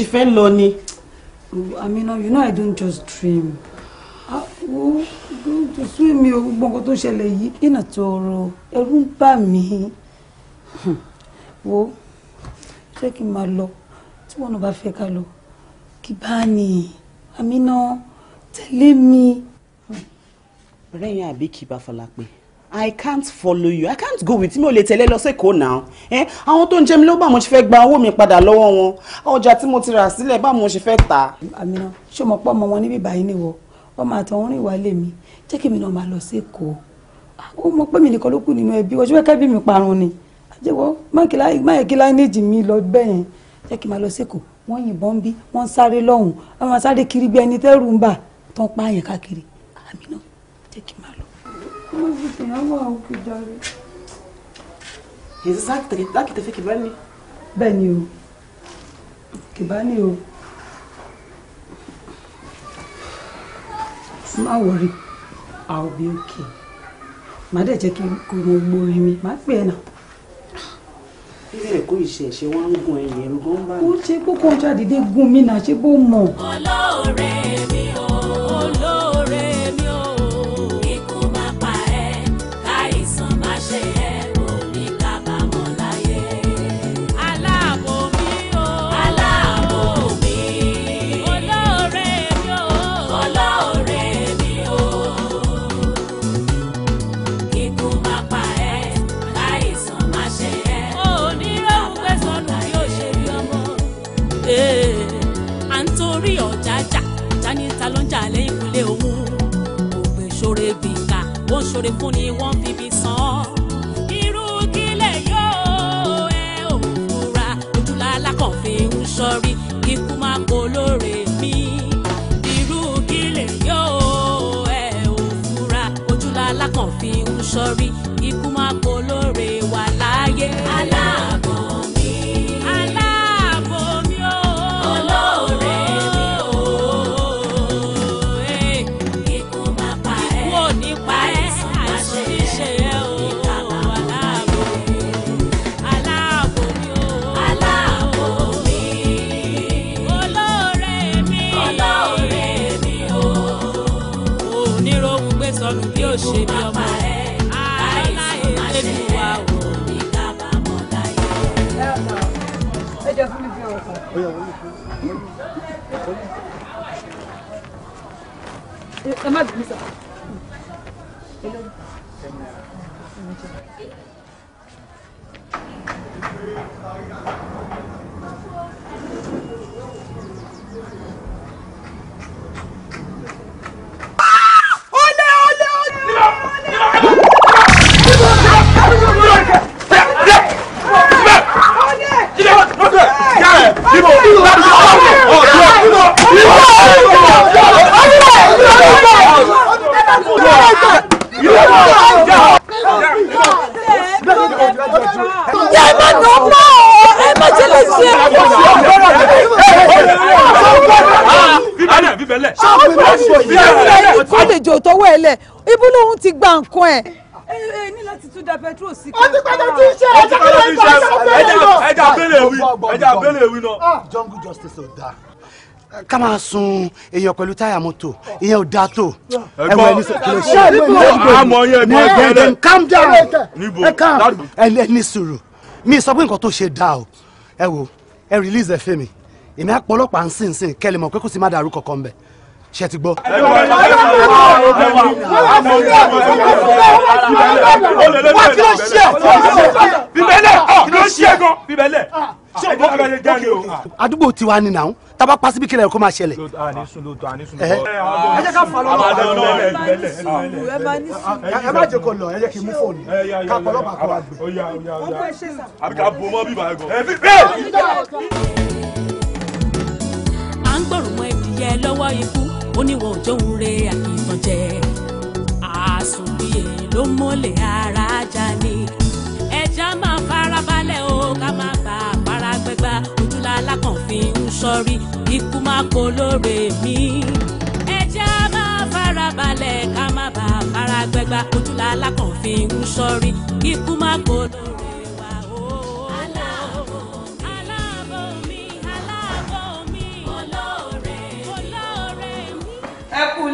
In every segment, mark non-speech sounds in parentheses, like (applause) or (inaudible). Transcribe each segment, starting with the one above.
She fẹ́ lọ ni. Amina you know I don't just dream sú mi o gbogbo nǹkan tó ṣẹlẹ̀ yìí iná tòrò ẹ̀rù ń bà mí wo jẹ́ kí n máa lọ tí wọn náà bá fẹ́ ká lọ kí bá ní Amina tẹ̀lé mi. ọ̀rẹ́ yẹn àbí kí bá fọlá pé I can't follow you. I can't go with mi ò lè tẹ̀lé lọ sẹ́kọ̀ọ́ náà. Ẹ àwọn tó ń jẹ mi ló bá mo ṣe fẹ́ gba owó mi padà lọ́wọ́ wọn. Ọjà tí mo ti rà sílẹ̀ bá mo ṣe fẹ́ tà. Àmìnà ṣé o mọ̀ pé ọmọ wọn níbí báyìí nìwọ? Ọmọ àtọ̀hún rìn wá lé mi. Jẹ́ kí mi náà máa lọ sẹ́kọ̀ọ́. Ó mọ̀ pé mi nìkan ló kù nínú ẹbí. Ojú ẹ̀kẹ́ mi parun ni. Àjẹwọ́ máyè kí láìnéèjì mi lọ bẹ́yẹn. Jẹ́ kí n máa lọ sẹ́kọ̀ọ́. Wọ́n yìnbọn bí, wọ́n sáré lọ́hùn-ún. Wọ́n máa sáré kiri bí ẹni tẹ́rù ń bà tán pààyàn káàkiri. Àmìnà Everything, I'm okay, darling. Exactly, láti tẹ̀fẹ́ kìbá ni. Bẹ́ẹ̀ ni o, kìbá ni o. Má I'll be okay. Màá dẹ̀ jẹ́ kí kò mọ gbórin mi, màá pè é nà. Bíbí ẹ̀kọ́ ìṣẹ̀ṣẹ̀ wọn ń gun ẹ̀yìn ẹ̀rù gan bá mi. Ó ṣe contract. Did they go mi náà ṣé bó mọ̀. Olóore mi o, mi o. ajá níta ló ń jà lẹ́yìn ìkúlé òun ògbè ṣòro gbìngà wọ́n ṣòro fún ni wọ́n fi san irú kílẹ̀ yóò ẹ ò fura ojúlá alákànfẹ́ ń sọrí ikú máa kó lóore mi. irú kílẹ̀ yóò ẹ ò fura ojúlá alákànfẹ́ ń sọrí. 頑張 ẹ̀ lẹ̀ ibú lòun ti gba nǹkan ẹ̀ ẹ ní láti tún da petrol sí. ó ti pẹ́ẹ́tẹ́ tí ń ṣe ẹja abẹ́lẹ̀ wí ẹja abẹ́lẹ̀ wí ẹja abẹ́lẹ̀ wí náà. Ah. jungle justice ò dáa ká máa sun èèyàn pẹ̀lú táyà mọ́tò ìyẹn ò dáa tó ẹ̀wọ̀n ẹni sọ̀rọ̀ kí ló ṣe é níbo calm down ẹ calm ẹni sùúrù mi sọ pé nǹkan tó ṣe dáa o ẹ wo ẹ release ẹ fẹ́ mi èmi àpọ̀lọpàá ń sìn sìn kẹ́lẹ́ mọ̀ pé kò sí má dàrú kankan bẹ́ẹ̀ ṣe ti gbọ́. wá kí ló ṣe bíbélẹ̀ kí ló ṣe gan bíbélẹ̀ àdúgbò tiwa ni nàá taba pasi bí kílẹ̀ kó máa ṣẹlẹ̀. ẹ jẹ́ ká fa lọ́wọ́ ẹ má jẹ́ kó lọ ẹ jẹ́ kí n mú fóònù ká pọ̀lọ́pàá kó wa gbé. àbí ká bo mọ́ bíbá ẹ gan. à ń gbòòrò mọ́ ẹdìyẹ lọ́wọ́ ikú oníwọ̀ òjòun re àkìtànjẹ àsùnbíyè ló mọ́lẹ̀ ara ajá ni ẹja máa farabalẹ̀ o ká má bá a para gbẹgbà ojúlá alákànfin ń sọrí ikú má kó lóore mi ẹja máa farabalẹ̀ ká má bá a gbẹgbà ojúlá alákànfin ń sọrí ikú má kó lóore mi.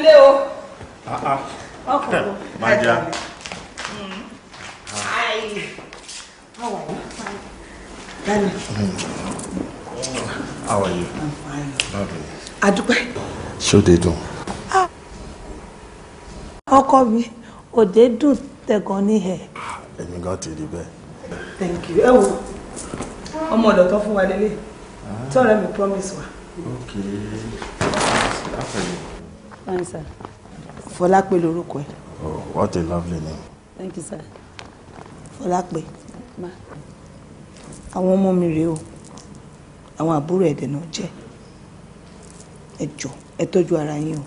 lé o. ah, ah. (laughs) májà. Hmm. How are you? Fine. Dani. Hmm. How are you? I'm fine. Báwo ni? Adúpẹ́. Ṣé ah. Ọkọ mi, òde dùn tẹ̀gàn ní ẹ̀. Ah, èmi gan ti rí bẹ́ẹ̀. Thank you. Ẹ wo, ọmọ ọ̀dọ̀ tó fún wa mi promise wa. Okay. Fine, sir. Fọlápé lorúkọ ẹ. Oh, what a lovely name. Thank you, sir. Fọlápé. Ma. Àwọn ọmọ mi rèé o. Àwọn àbúrò ẹ̀dẹ̀ náà jẹ́. Ẹ jọ̀ọ́, ẹ tọ́jú ara yín o.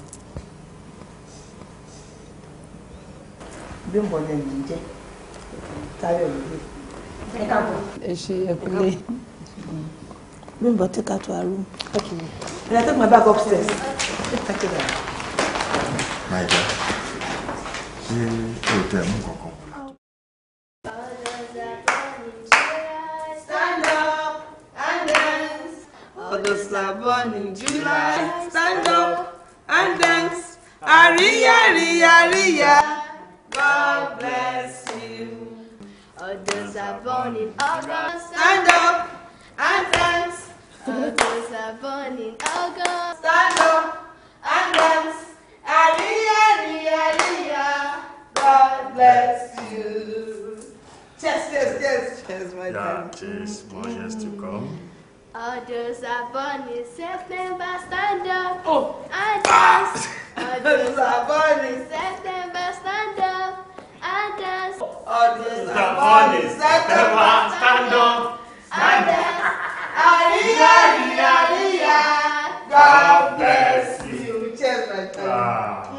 Bímbọ́ lẹ́nu ń jẹ́. Táyọ̀ ló dé. Ẹ káàbọ̀. Ẹ ṣe ẹ pẹ̀lẹ́. Bímbọ́ take her to her room. Okay. And I take my bag upstairs. Take her to her room máa jà ṣé òótọ́ ẹ̀ mú born in July. Stand up and dance. Àríyá, àríyá, àríyá. God bless you. Others are born in August. Stand up and dance. Others are born in August. Stand up and dance. bless you. Cheers, cheers, cheers, cheers, my yeah, Cheers, more years to come. All those are born in September, stand up. Oh! And dance. All those are born in September, stand up. And dance. All those are born in September, stand up. And dance. Aliyah, Aliyah, God bless you. Cheers, my darling.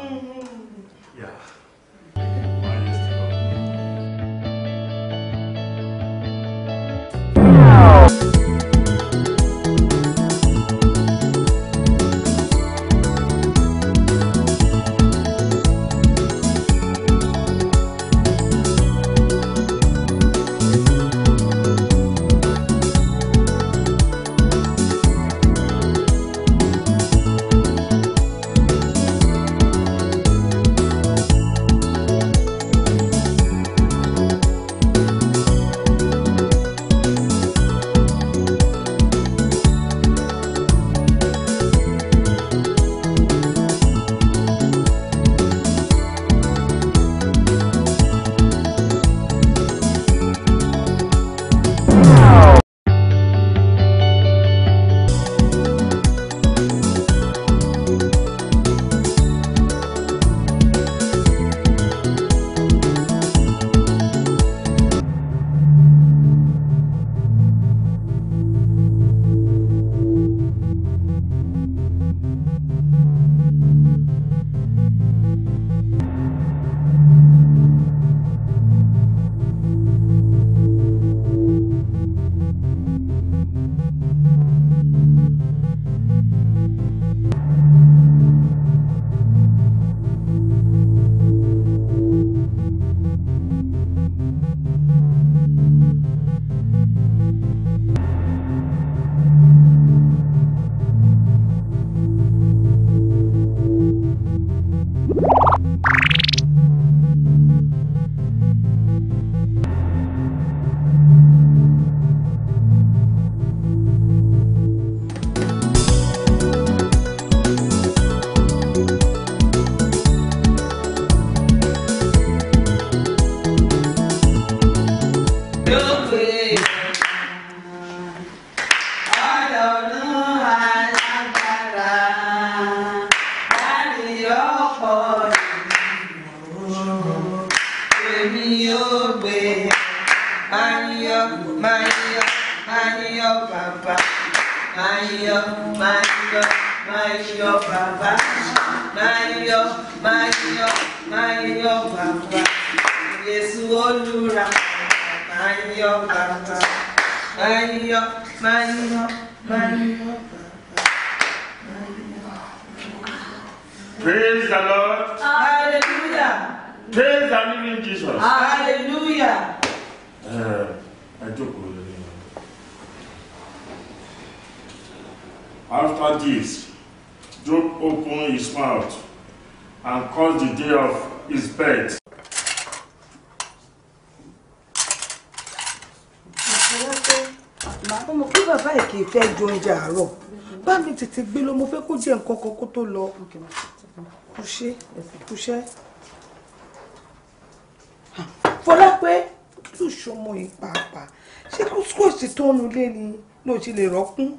ṣe nǹkan kan kó tó lọ kúṣẹ́ kúṣẹ́ Fọlápé tún ṣọmọ yìí pàápàá ṣé kó sọ́ọ̀sì tó ń lé ni ló ti lè rọ́kún.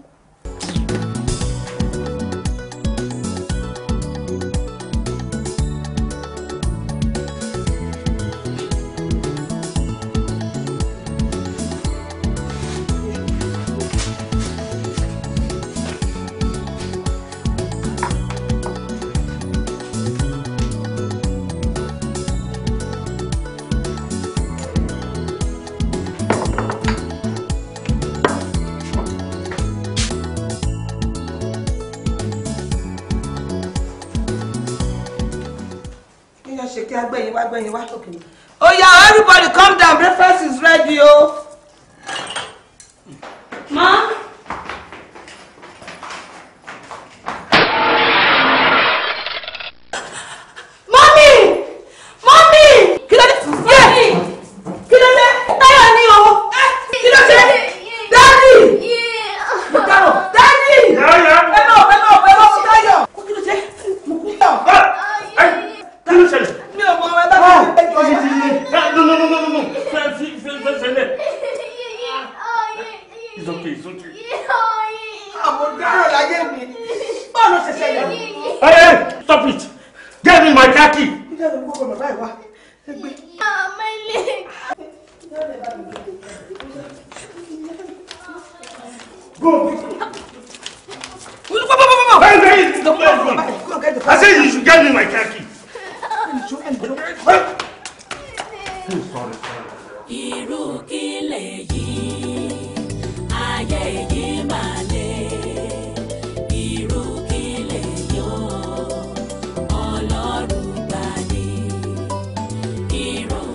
Oh yeah! everybody come down breakfast is ready o. Oh.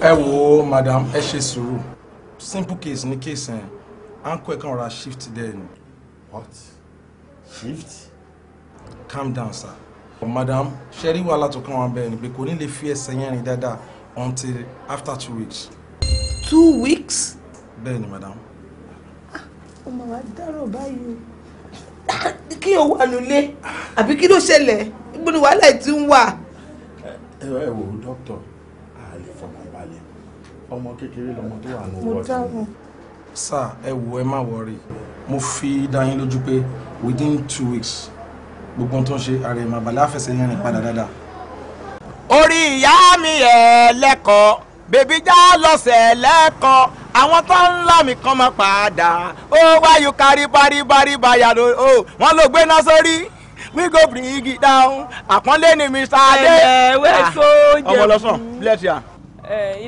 ẹ wo madam ẹ ṣe sùúrù simple case ní case yẹn à ń ẹ kàn ra shift there ni. what shift. calm down sir. madam ṣe rí wàhálà tó kàn wá bẹ́ẹ̀ ni pé kò ní lè fi ẹsẹ̀ yẹn rìn dáadáa until after two weeks. two weeks. bẹ́ẹ̀ ni madam. ó mà wá dárò báyìí o (coughs) kí o wà nílé àbí kí ló ṣẹlẹ̀ ibo ni wàhálà ẹ̀ ti ń wà. ẹ ẹ wo dókítà ọmọ kékeré lọmọ tó wà ní wọ́ọ̀tì. sà ẹ wo ẹ má wọrí mo fi dá yín lójú pé within two weeks gbogbo tó ń ṣe ààrẹ ìmọ̀bàlẹ̀ àfẹsẹ̀yìn rìn padà dáadáa. orí ìyá mi ẹ̀ lẹ́kọ̀ọ́ bèbí já lọ́sẹ̀ lẹ́kọ̀ọ́ àwọn tó ń là kan máa padà ó wáyù kárí parí parí báyà ló ó wọ́n ló gbé náà sórí we go bring it down àpọ́nlé ni mr adé. ẹ ẹ wẹ́ẹ́ sóúnjẹ ah, ọmọ lọ́sàn bless ya. Eh,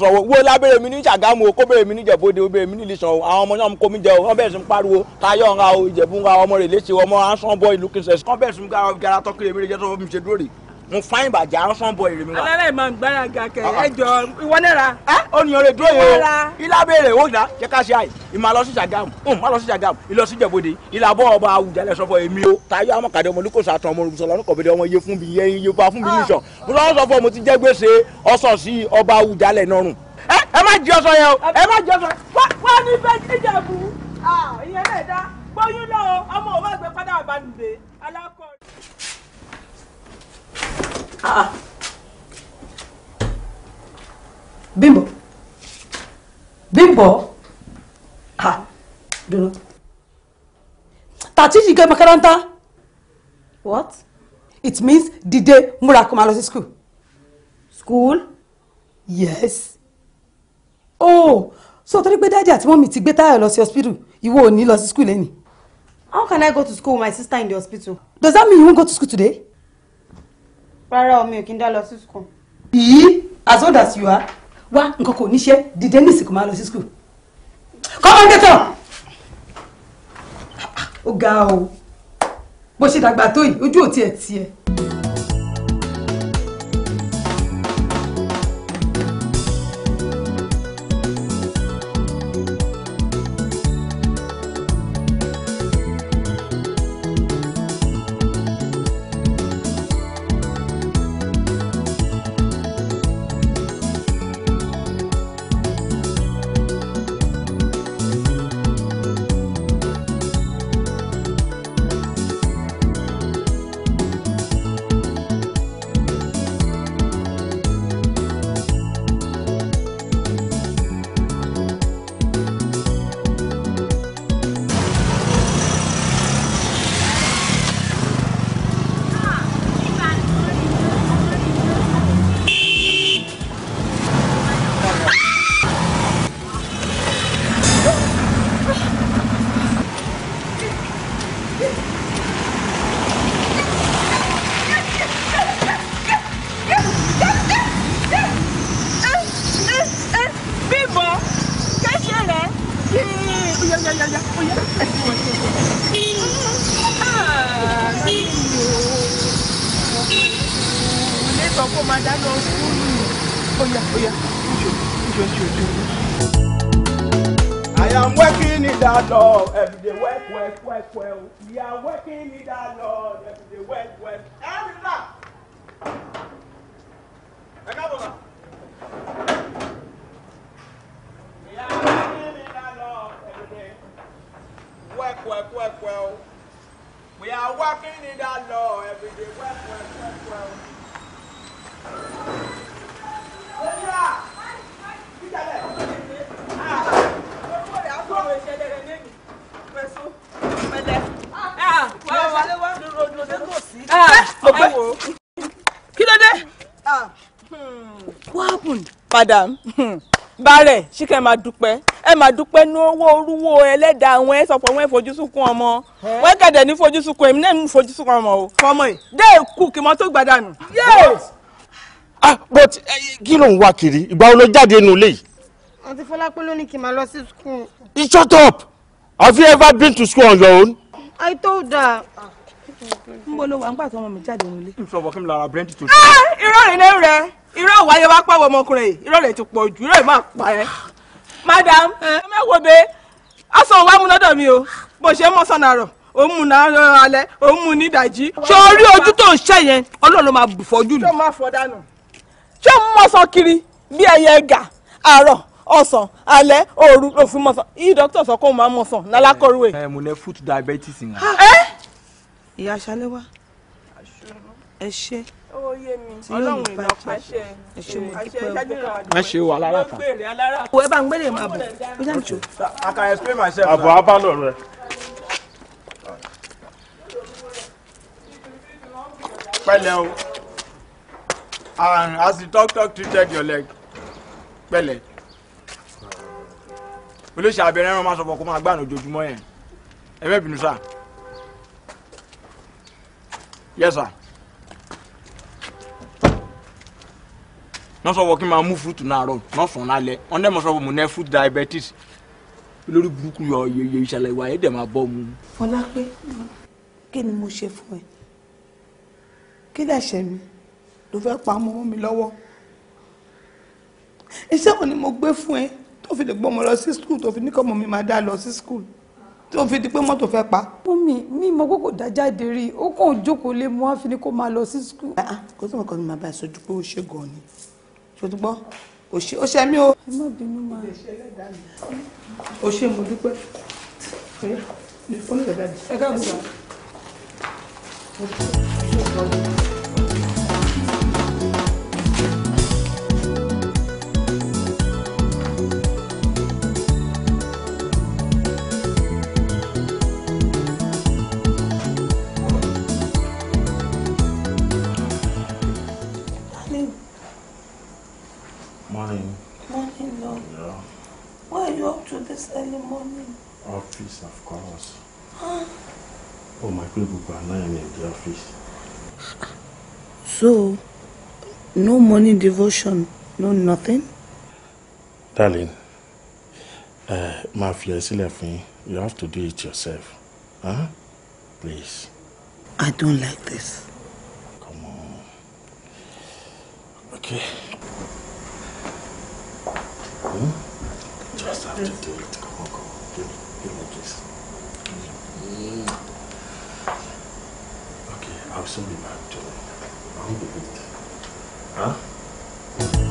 sọ̀wọ́ wo lábẹ́rẹ́ mi ní Ṣàgámù o kó bẹ̀rẹ̀ mi ní ìjẹ̀bú o bẹ̀rẹ̀ mi ní Ìlíṣàn o àwọn ọmọ náà kó mi jẹ o wọ́n bẹ̀rẹ̀ sí pariwo Táyọ̀ ń o Ìjẹ̀bú ń ọmọ rẹ̀ léṣe ọmọ ansan bọ́ ìlú kìsẹ̀ kọ́ bẹ̀rẹ̀ sí gara tọ́kìrì èmi rẹ̀ jẹ́ tó fi ṣe dúró rè mo fáyìn bàjẹ́ aránṣán bọ èrè mi wá. alẹ́ máa ń gbára ga kẹ ah, ah. ẹ jọ ìwọ náírà. ẹ oníyan rẹ dúró yìí o ilá béèrè ó dá jẹ ká ṣe àì ìmọ̀ àlọ́ sí Ṣàgámù òun má lọ sí Ṣàgámù ìlọ sí Ìjẹ̀bú-Òde ìlà bọ́ ọba Àwùjalẹ̀ sọ fún èmi o. Táyọ̀ amọ̀kadì ọmọ olùkọ́sọ àtọ̀ ọmọ olùsọ̀lọ́ ní kọ̀bẹ̀dẹ̀ ọmọ iye fún mi yẹn iye fún mi ah. nìṣàn mo lọ́wọ́ sọ fún ọmọ ti jẹ́ gbèsè ọ̀sọ̀ sí ọba Àwùjalẹ̀ nọrùn. ẹ má jí ọsọ yẹn o ẹ má jí ọsọ. wá ní bẹ́ẹ̀ Ìjẹ̀bú ìyẹn lè dá gbóyún náà ọmọ òun àgbẹ̀ padà bá nìgbè alákọ̀ọ́. Ah, ah, Bímbọ́ Bímbọ́ ha ah, dunu tàtí jìgẹ makaranta what it means dìde múra kó máa lọ school school yes oh so torí pé dájà tí mọ́mì ti gbé Táyọ̀ lọ sí hospital ìwọ ò ní lọ school lẹ́nìí. how can I go to school with my sister in the hospital. does that mean you won't go to school today. rárá omi ò kí ń dá school. yìí as old as you are wá nǹkan kò ní dìde ní ìsìnkú máa lọ sí school. kọ́mọ gẹ́tọ̀ ó ga o bó ṣe dàgbà tó yìí ojú madam hmm. bárẹ̀ ṣíkẹ́ máa dúpẹ́ ẹ máa dúpẹ́ ní owó orúwó ẹlẹ́dàá àwọn ẹ sọ̀pọ̀ wọn fojú sunkún ọmọ wọn kẹ̀dẹ̀ ní fojú sunkún èmi náà ní fojú sunkún ọmọ o. fọmọ yìí dé kù kí mọ tó gbàdánù. ah but eh, kí ló ń wá kiri ìgbà wo ló jáde nù lé yìí. àǹtí fọlápẹ́ ló ní kí n máa lọ sí school. shut up have you ever been to school on your own. i told her n bolo wa n gbà tó ọmọ mi jáde nù lé. ìfọwọ́ kí mi ah, lára irọ́ òwò ayé wa pàwọ́ ọmọkùnrin yìí irọ́ rẹ̀ ti pọ̀ jù irọ́ ìmọ̀ pa ẹ̀. madam ẹ mẹ́wọ́ de aṣọ òwò mi o bó ṣe mọ́ sọ̀nà rọ̀ òun mú náà alẹ́ òun mú ní ìdajì. ṣé orí ojú tó ń ṣe yẹn ọlọ́run máa bù fọ́jú ni. ṣé o fọ kiri bí ẹyẹ àárọ̀ ọ̀sán alẹ́ òru yìí dókítà sọ máa tí yóò yí ṣe wà lára kan. òwe bá ń gbélé máa bọ̀ ó yà jù. àbọ̀ abálọ̀ rẹ. pẹ̀lẹ́ o as the talk treated your leg pẹ̀lẹ́ olóṣè abẹ́rẹ́ ẹran máa sọ fún ọkọ máa gbàànà ojoojúmọ́ yẹn ẹ bẹ́ẹ̀ bínú sá yes sir. náà sọ wọ kí n máa mú fúrúùtù náà rọ náà sàn lálẹ́ wọn dẹ́ mọ̀ sọ mo ní fúrúùtù diabetes lórí burúkú yọ yeye ìṣẹ̀lẹ̀ ìwà yẹn dẹ̀ máa bọ́ mu. fọlá pé kí ni mo ṣe fún ẹ kí dàṣẹ mi ló fẹ́ pa ọmọ mi lọ́wọ́ iṣẹ́ wo ni mo gbé fún ẹ tó fi lè gbọ́ ọmọ lọ sí skul tó fi ní kọ́ ọmọ mi máa dá lọ sí skul tó fi di pé mọ́tò fẹ́ pa. mọ́mí mi mọ kókò dájáde rí i ó kàn jókòó lé mu wá fi ní máa lọ sí skul. kó sọ̀rọ̀ kan ní màá bá a sojú pé ó ṣe gan-an ni ṣòtúgbọ́ òṣè òṣè mi o. ẹ má bínú máa. òṣè mo dúpẹ́ ẹ káàbọ̀. morning devotion no nothing. darling ẹ máa fi ẹ you have to do it yourself huh? please. I don't like this. come on okay. Hmm? just have to do it come on come on give me give me a kiss. Hmm. okay I'll soon be back to I'll be with you. Huh?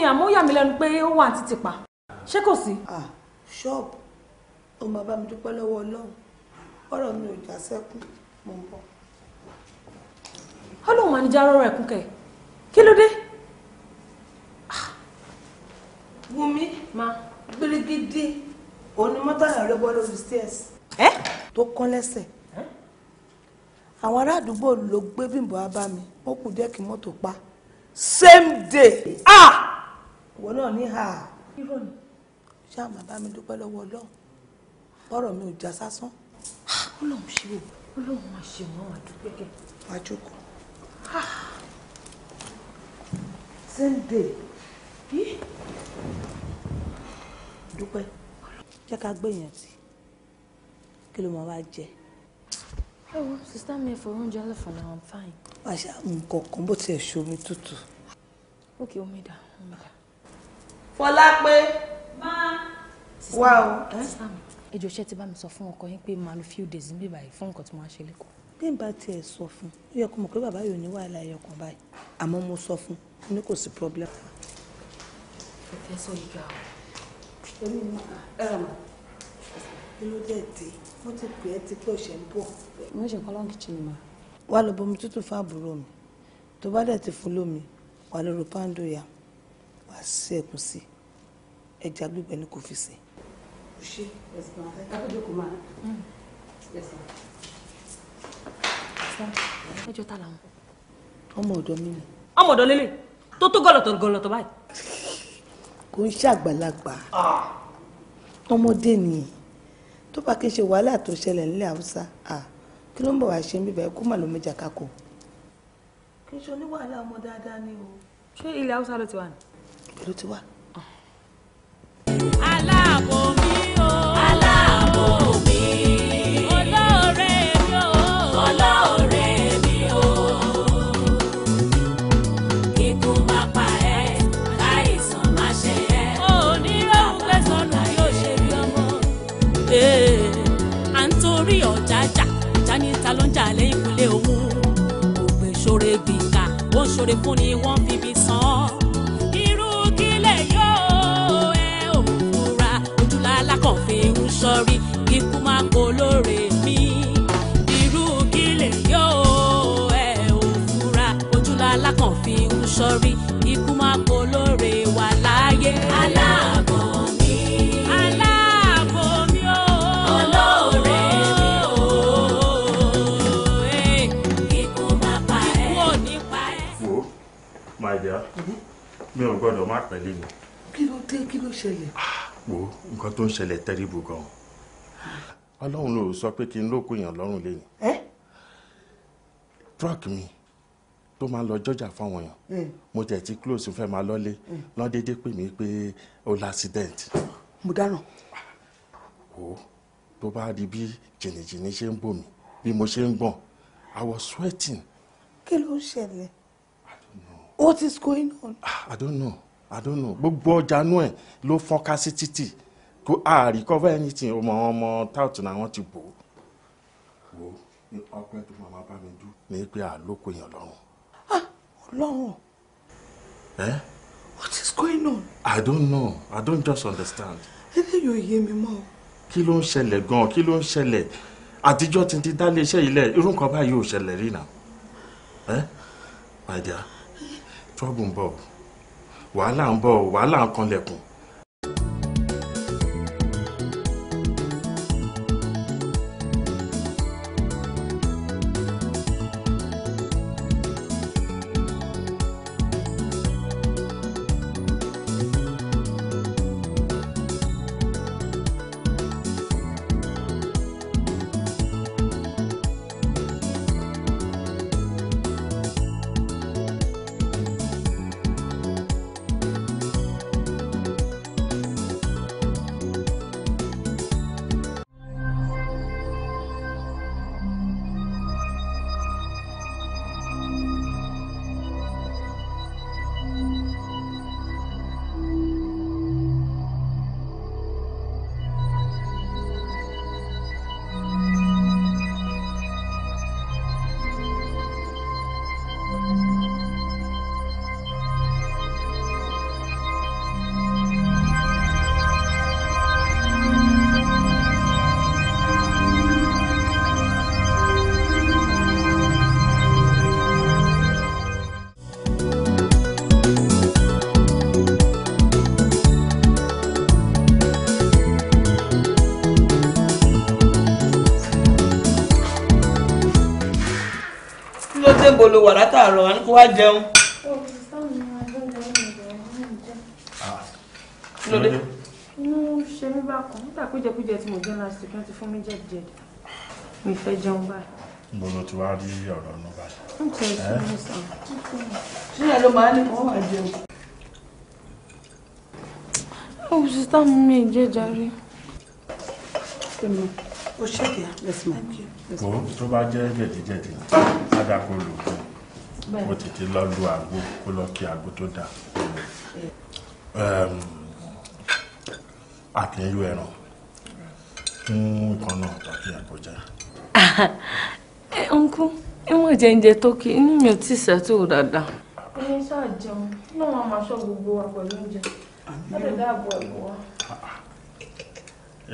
ni àmọ́ ó yà mí lẹ́nu pé ó wà títì pa ṣé kò sí. ṣọ́ọ̀bù ó máa bá mi dúpẹ́ lọ́wọ́ ọlọ́run ọ̀rọ̀ mi ò já sẹ́kùn mo ń bọ̀. ọlọ́run máa ní já rọrọ ẹ̀kún kẹ̀ kí ló dé. wumi ma gbérégédé òun ni mọ́tàlá rẹ bọ́ lórí stairs. ẹ tó kán lẹ́sẹ̀ àwọn ará àdúgbò ló gbé bímbọ abá mi ó kù dẹ́kì mọ́tò pa same day. Ah! ìwọ náà ní ha irọ́ ni ṣáà máa bá mi dúpẹ́ lọ́wọ́ ọlọ́run bọ́rọ̀ mi ò já sásán. ọlọ́run ṣe o ọlọ́run máa ṣe wọn àdúpẹ́ kẹ. wàá jókòó. sunday dúpẹ́ jẹ́ ká gbẹ̀yìn tí kí ló máa wá jẹ. ẹ wo sista mi for oúnjẹ lọ fún now i'm fine. wàá ṣe àwọn nǹkan kan bó tiẹ̀ ṣomi tútù. ókè omi dà omi dà. Fọlápé. Má. Wá o. Ẹjọ ṣe ti bá mi sọ fún ọkọ yín pé màá lo few days níbí báyìí fún nǹkan tí mo wá ṣe lẹ́kọ̀ọ́. Bí n bá tiẹ̀ sọ fún, ó yẹ kó mọ̀ pé bàbá yóò ní wàhálà ẹyọkan báyìí. Àmọ́ mo sọ fún, ó ní kò sí problem. Fẹ́fẹ́ sọ ìgbà o. Èmi ni ẹ̀rọ mọ̀. Kí ló dé dé? Wọ́n ti pè é ti pé ọ̀sẹ̀ ń bọ̀. Mo ṣe kọ́ lọ́ọ̀kì chinni ma. Wá lọ bomi tútù fún àbúrò mi. Tó bá dẹ̀ ti fún lómi, wà lóru pándó ya wá sí ẹ̀kún sí ẹja gbígbẹ ni kò fi sè. o ṣe ẹ̀sìn máa fẹ́ mm. kábíyèsí kò máa ẹ̀sìn. ẹjọ́ ta làwọn. ọmọ ọ̀dọ̀ mi ni. ọmọ ọ̀dọ̀ lélẹ̀ tó tó gọlọ̀tọ̀ gọlọ̀tọ̀ báyìí. kò ń ṣàgbàlagbà ah. ọmọdé nìyẹn tó bá kí n ṣe wàhálà tó ṣẹlẹ̀ nílẹ̀ haúsá kí ló ń bọ̀ wá ṣe ń bíbẹ̀ kó mà ló méjà kákò. kì í ṣe oníwàhálà ọmọ dáadáa ni o. ṣé ilẹ̀ haúsá ló ti wà ní ló ti wá. aláàbò mi o aláàbò mi o olóore mi o ikú má pa ẹ́ káìsàn má ṣe ẹ́. oníròhùn fẹsán ló yóò ṣe bí ọmọ. Eh, à ń torí ọ̀jà jà ìjà ní ta ló ń jà lẹ́yìn ìpínlẹ̀ òun ògbésóre gbìngà fún ni wọ́n fi mi ò gbọ́dọ̀ má pẹ̀lẹ́ mi. kí ló dé kí ló ṣẹlẹ̀. Ah, wo nǹkan tó ń ṣẹlẹ̀ tẹ́rìbù gan-an ọlọ́run ló sọ pé kí n lóko èèyàn lọ́rùn lẹ́yìn truck mi tó máa lọ jọjà fáwọn èèyàn mo tẹ̀ ti close fẹ́ máa lọ́lé lọ́dẹ́dẹ́ pè mí pé ó la accident. mo dáràn. o tó bá rí bí jìnnìjìnnì ṣe ń bò mí bí mo ṣe ń gbọ̀n i was sweating. kí ló ń ṣẹlẹ̀. What is going on? Ah, I don't know. I don't know. Gbogbo ọjà inú ẹ̀ ló fọ́nká sí títì. Kò á recover anything ọmọ ọmọ táùtù náà wọ́n ti bò ó. Wo ni ọkùnrin tó máa bá mi dùn ní pé àlókò yẹn lọ́rùn. Ah! Ọlọ́run. Ẹ́. What is going on? I don't know. I don't just understand. Eléyìí ò yé mi mọ́. Kí ló ń ṣẹlẹ̀ gan-an? Kí ló ń ṣẹlẹ̀? Àtijọ́ ti ti dá ilé iṣẹ́ yìí lẹ̀. Irú nǹkan báyìí ò ṣẹlẹ̀ rí nà. Ẹ́ my dear trouble ń bọ̀ wàhálà ń bọ̀ wàhálà ń kanlẹ̀kùn níbo lo wà látàárọ̀ a ní kó wá jẹun. lóde. inú ṣe mí bá kan nígbà kújẹkújẹ tí mo jẹ last week wọ́n ti fún mi jẹ jẹ mi fẹ́ jẹun báyìí. mo ló ti wá rí ọ̀rọ̀ ọ̀nà báyìí. ṣé ẹ ló máa ń ní kó wá jẹun. ó sì sáà mú mi ìjẹ́jà rí o ṣe kí a yes ma o tó bá jẹ́ jẹ̀díjẹ̀dí ládà kó lò ó kó tètè lọ lu àgbo kó lọ kí àgbo tó dà àkìnyẹ́yọ ẹran fún ìkànnà tàbí àgbọ̀já. ọ̀nkú ìwọ̀n jẹ́njẹ tó kí inú mi ò tí ì ṣètò dáadáa. ẹni ṣáà jẹun náà wọn máa ṣọ́ gbogbo wa pẹ̀lú oúnjẹ wọ́n dáàbò ẹ̀bùn wa. Ah, ah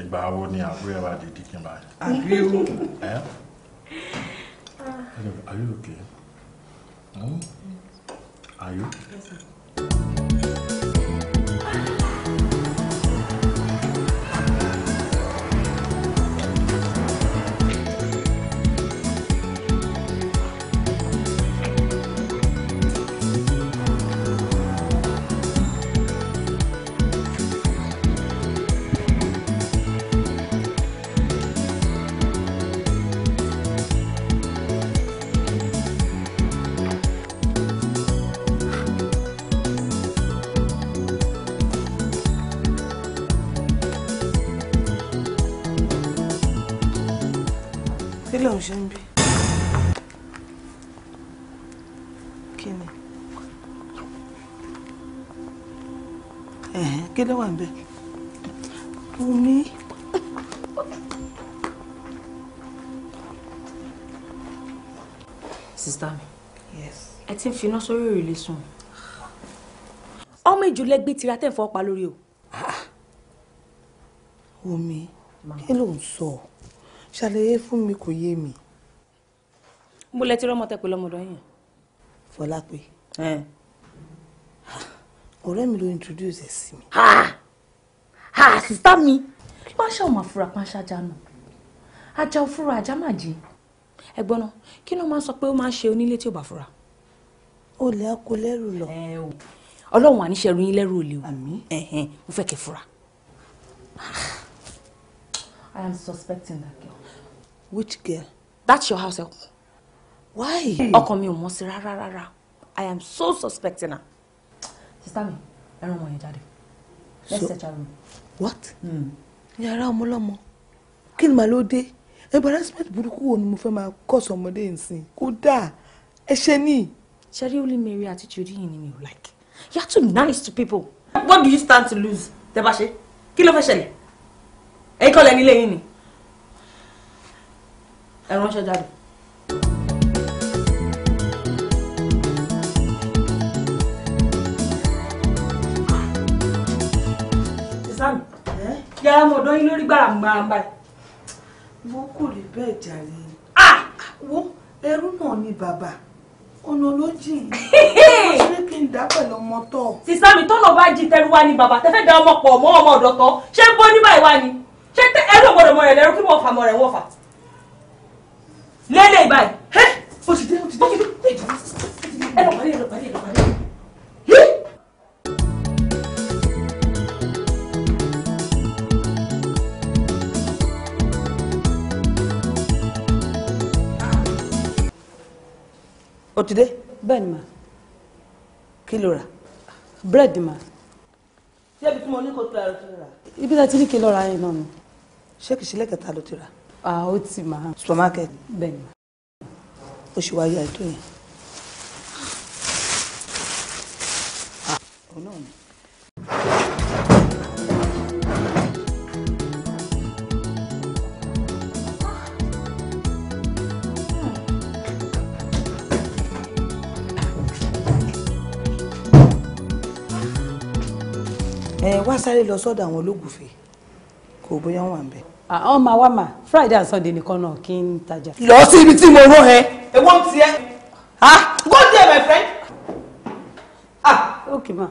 ìgbà wo ni àbúrò wa di dikin báyìí. àbí o. ẹ ah. are you okay? Hmm? Are you? Yes, sir. gẹ́lẹ́ wà níbẹ̀ Wùmí. sista mi ẹ ti ń finá sórí òrìlè sùn ọmọ ìjùlẹ gbé tira tẹ́ ń fọwọ́ pa lórí o. Wùmí kí ló ń sọ ṣàlàyé fún mi kò yé mi. mo lẹ ti rọmọ tẹ pé lọmọdọ yẹn. Fọlápé ọ̀rẹ́ mi ló introduce ẹ̀ sí mi. sísá mi má ṣàwọn àfúrà pàṣájà náà ajá òfúra ajá má jẹ ẹ̀gbọ́n náà kí ló máa sọ pé ó máa ń ṣe onílé tí ò bá fura. ó lè kó lẹ́rù lọ. ọlọ́run àníṣe ẹrù yín lẹ́rù ò lè mo fẹ́ kẹ́ fura. I am suspecting that girl. Which girl? That's your house Why? Ọkàn mi ò mọ̀ sí rárá rárá. I am so suspecting her sista mi ẹran ọmọ yẹn jáde let's search her room. what hmm. yàrá ọmọlọ́mọ kí ni màá ló dé embarrassment burúkú wo ni mo fẹ́ máa cause ọmọdé nsìn kódà ẹ ṣe ni. ṣẹ́rí ó lé mary àti judy yìí ni mi ò like you are too nice to people. what do you stand to lose tẹ bá ṣe kí ló fẹ́ ṣẹlẹ̀ ẹ̀yin kọ́ lẹ́ni lẹ́yìn ni ẹ̀rọ ń ṣe jáde. yàrá mo dán yín lórí gbàràǹgbàràǹgbà mo kò rí bẹ́ẹ̀ jàre ah! wo ẹrú náà ni bàbá ọ̀nà ló jìn (laughs) mo ṣe kí n dá pẹ̀lú ọmọ tọ̀. sísá mi tọ́nà bá jí tẹrú wá ní bàbá tẹ́fẹ́ da ọmọ pọ̀ mọ́ ọmọ ọ̀dọ̀ tán ṣé ń bọ́ ní báyìí wá ni ṣé ẹrú ògbọ́dọ̀ mọ̀ rẹ̀ lẹ́rú kí wọ́n fà mọ̀ rẹ̀ wọ́n fà lélẹ̀ báyìí. ó ti dé ó ti dé ó ti dé ẹ lọ pàdé ẹ lọ pàdé o ti dé. bẹ́ẹ̀ni ma kí ló rà búrẹ́dì ma. ṣé ibi tí mo ní kó tó ara tó rà. ibi tí a ti ní kí ra yẹn náà nù ṣé kìí ṣe lẹ́kẹ̀ta ló ti rà. a ó ti ma. supermarket. bẹ́ẹ̀ni ma. o ṣì wáyé àìtó yẹn. òun náà ni. ẹ wá sáré lọ sọ́dọ̀ àwọn ológùfẹ kò bóyá wọn wà ń bẹ. àwọn ah, máa wá mà friday and sunday nìkan náà kí n tajà. lọ sí ibi tí mo rán ẹ. èwo ń tiẹ. ah go there my friend. ah. okay ma.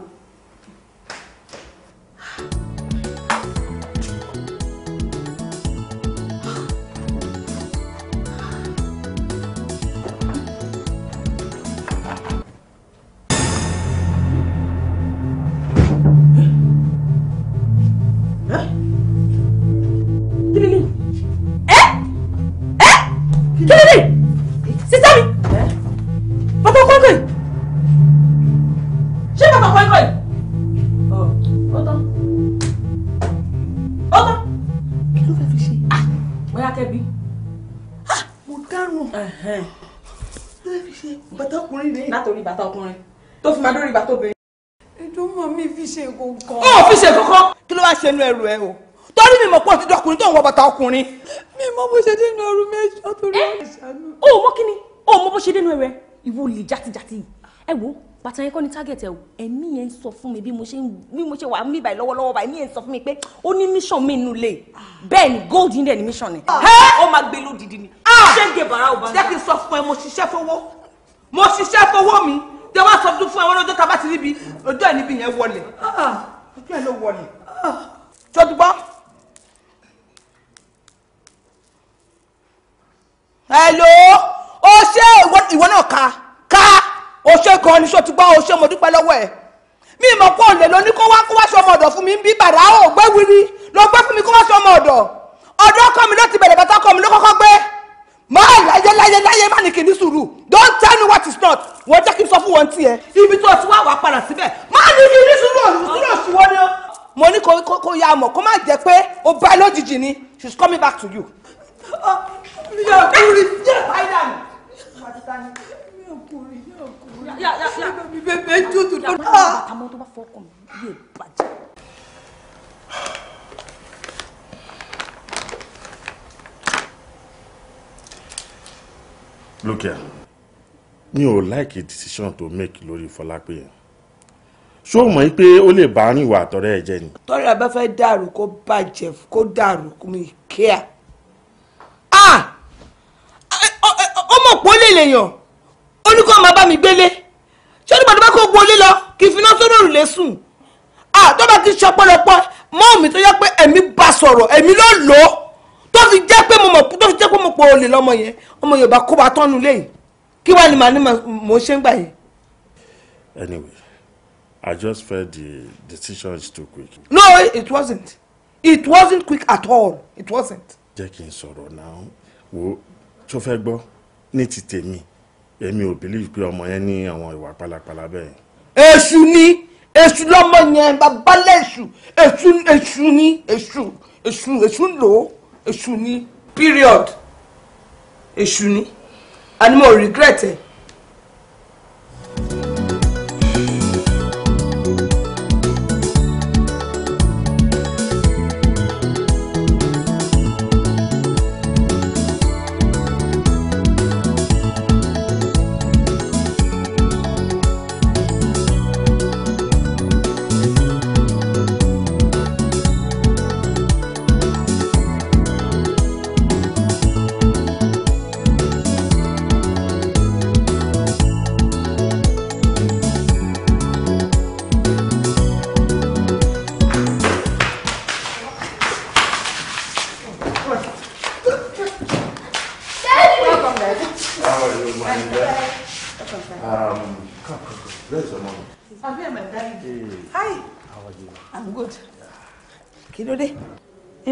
bàtà ọkùnrin tó fi máa dórí bàtà obìnrin. ìdúmọ̀ mi fi ṣe kankan. ó fi ṣe kankan. kí ló wá ṣe inú ẹrù ẹ o torí mi mọ̀ pọ̀ ti dọkùnrin tó ń wọ bàtà ọkùnrin. mi mọ bó ṣe dé inú ẹrù mẹ́jọ torí ọ̀ṣánú. ó mọ kí ni ó mọ bó ṣe dé inú ẹrù ẹ ìwọ lè játijàti ẹ wo bàtà yẹn kọ́ ni target ẹ o ẹ̀mí yẹn sọ fún mi bí mo ṣe wà mí báyìí lọ́wọ́lọ́wọ́ báyìí ẹ̀mí yẹn sọ fún mi pé ó ní mission mi inú ilé bẹ́ẹ̀ ni gold yín dẹ̀ ni mission ni. Ah! ó máa ni ah! ṣé ń gé bàrà ò bá ń bá. jẹ́ kí n sọ fún ẹ mo ṣiṣẹ́ fowó mo ṣiṣẹ́ fowó mi tẹ wá sọ fún àwọn ọjọ́ tá a bá ti ríbi ojú ẹ̀ níbi yẹn wọlé ah. ojú ẹ̀ ló wọlé ah. tó dúpọ́. hello ó ṣe ìwọ náà ká ká ó ṣe gan ni ṣó ti gbọ́ ó ṣe mo dúpẹ́ lọ́wọ́ ẹ̀ mi mọ̀ pé òlè ló ní kó wá kó wá sọ ọmọ ọ̀dọ̀ fún mi ń bí bàrà ó gbé wiri ló gbé fún mi kó wá sọ ọmọ ọ̀dọ̀ ọ̀dọ̀ ọkọ mi ló ti bẹ̀rẹ̀ bàtà ọkọ mi ló kọ́kọ́ gbé máa láyé láyé láyé má ní kìíní sùúrù don't tell what is not wọ́n jẹ́ kí n sọ fún wọn tiẹ̀ ibi tó ti wá wà padà síbẹ̀ máa ní kí ní sùúrù òṣùwọ̀n òṣùwọ̀n ni ó. mo ní kó kó ya mọ̀ kó má jẹ́ pé o bá lójijì ni she is coming back to you. yà á kúrì yà á báyìí dànù. yà á kúrì yà á kúrì. yà á yà á bẹ̀bẹ̀ tútù. àmọ́ tó bá fọ́ ọkàn mi yóò bàjẹ́. Look here mi ò like decision to make lórí Fọlápẹ́ yẹn ṣó mọ̀ yí pé ó lè bá rìn ìwà àtọ̀rẹ́ ẹ̀ jẹ́ ni. tọ́lá bá fẹ́ dàrú kó bàjẹ́ kó dàrú mi kíá ó mọ̀ pé ó lè lèèyàn ó ní kó máa bá mi gbélé ṣé ó ní gbàdúrà kó wọlé lọ kí n fi iná sórí òrùlé sùn tó bá ti ṣe ọ̀pọ̀lọpọ̀ mọ́ mi tó yẹ pé ẹ̀mí bá sọ̀rọ̀ ẹ̀mí ló lò ó tó fi jẹ́ pé mo mọ̀ tó fi jẹ́ pé mo pọ̀ olè lọ́mọ yẹn ọmọ Yorùbá kó wa tọ́nu lẹ́yìn kí wàá ni màá ní mò ṣe ń gbà yẹn. anyway i just felt the decision is too quick. no it wasn't it wasn't quick at all it wasn't. jẹ́ kí n sọ̀rọ̀ náà wo tó fẹ́ gbọ́ ní ti tèmi èmi ò believe pé ọmọ yẹn ní àwọn ìwà pálapàla bẹ́ẹ̀. èṣù ni èṣù lọmọ yẹn babalẹ̀ èṣù èṣù èṣù ni èṣù èṣù èṣù lò èṣù ni period èṣù ni and more regret ẹ̀.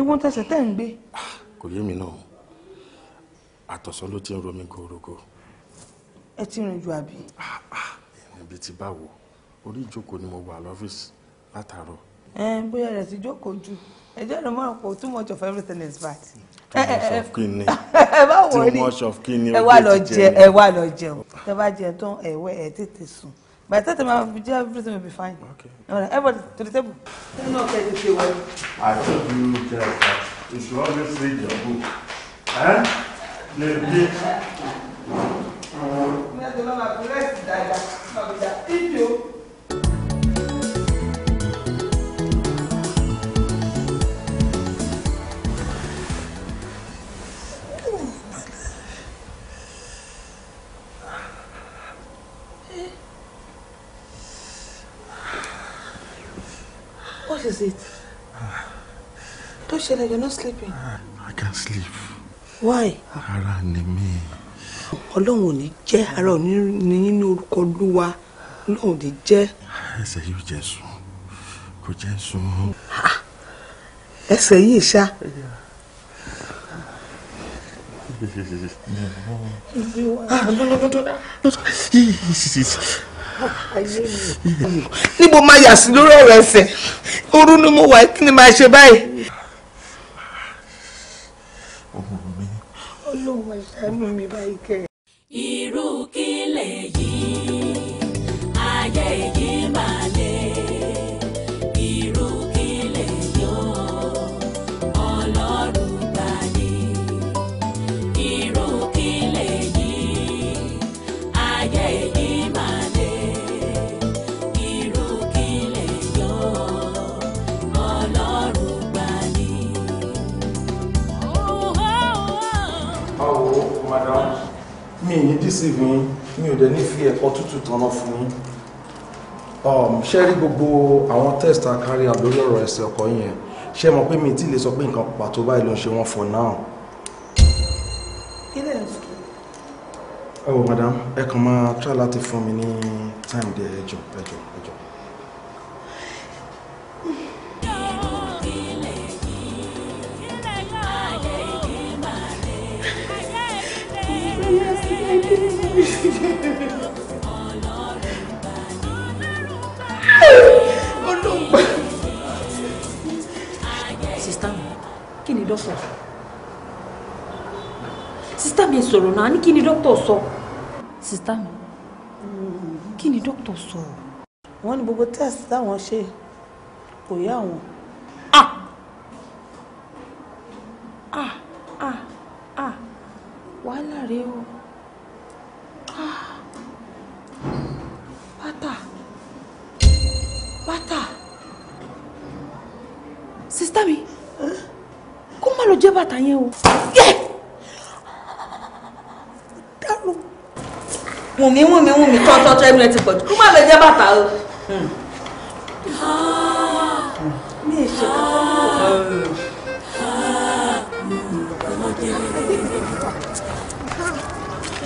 wọ́n tẹ̀sẹ̀ tẹ̀ ń gbé. kò yé mi náà àtọ̀sọ́ ló ti ń romi gorogo. ẹ ti rìn ju àbí. ibi tí báwo orí ìjókòó ni mo wà lọ́fíìsì látàárọ̀. ẹ bóyá rẹ ti jókòó jù ẹjẹ rẹ máa pọ too much of everything is bad. too much of kini (laughs) too much of kini ó dé ti jẹ ẹ wá lọ jẹun tẹ bá jẹ tán ẹwẹ ẹ tètè sùn. By the time I'll be everything will be fine. Okay. All right, everybody to the table. Tell me okay, if you will. I told you uh, just that you should always read your book. Eh? The big. If you What is it? Tó ṣẹlẹ̀, you're not sleeping. I can't sleep. Why? Ara ni mí. Ọlọ́run ò ní jẹ́ ara ò ní nínú orúkọ Olúwa. Ọlọ́run ò ní jẹ́. Ẹsẹ̀ yóò jẹ́ sùn. Kò jẹ́ sùn. Ẹsẹ̀ yìí ṣá. (laughs) Ìgbéwà níbo máa yà sí lórí ọ̀rọ̀ ẹsẹ̀ òru ni mo wà kí ni màá ṣe báyìí. ọlọ́run ìṣàánú mi báyìí kẹ́. irú kí lè deceive yín mi ò dẹ̀ ní ẹ̀kọ́ tútù tanná fún yín um, ṣé rí gbogbo àwọn test a carry ọ̀rọ̀ ẹ̀sẹ̀ ọkọ yẹn ṣé mọ̀ pé mi ti lè sọ pé nǹkan pàtó báyìí ló ń ṣe wọ́n for now. kílẹ̀ madam ẹ kàn máa try láti fún mi ní time díẹ̀ ẹ jọ̀ọ́ ẹ jọ̀ọ́. Oh no! Sister, kí ni dókítà sọ sista mi sọ̀rọ̀ náà ní kí ni doctor sọ Sister, mi kí ni dókítà sọ. wọ́n ní gbogbo test táwọn ṣe kò yá àwọn. ah ah ah ah wàhálà rèé o bàtà bàtà sister mi kó má lọ jẹ́ bàtà yẹn o. wùmí wùmí wùmí tọ́tọ́tọ́ ẹ̀mí rẹ ti pọ̀ jù kó má lọ jẹ́ bàtà o. Ah. mi ì ṣe kankan. Ah.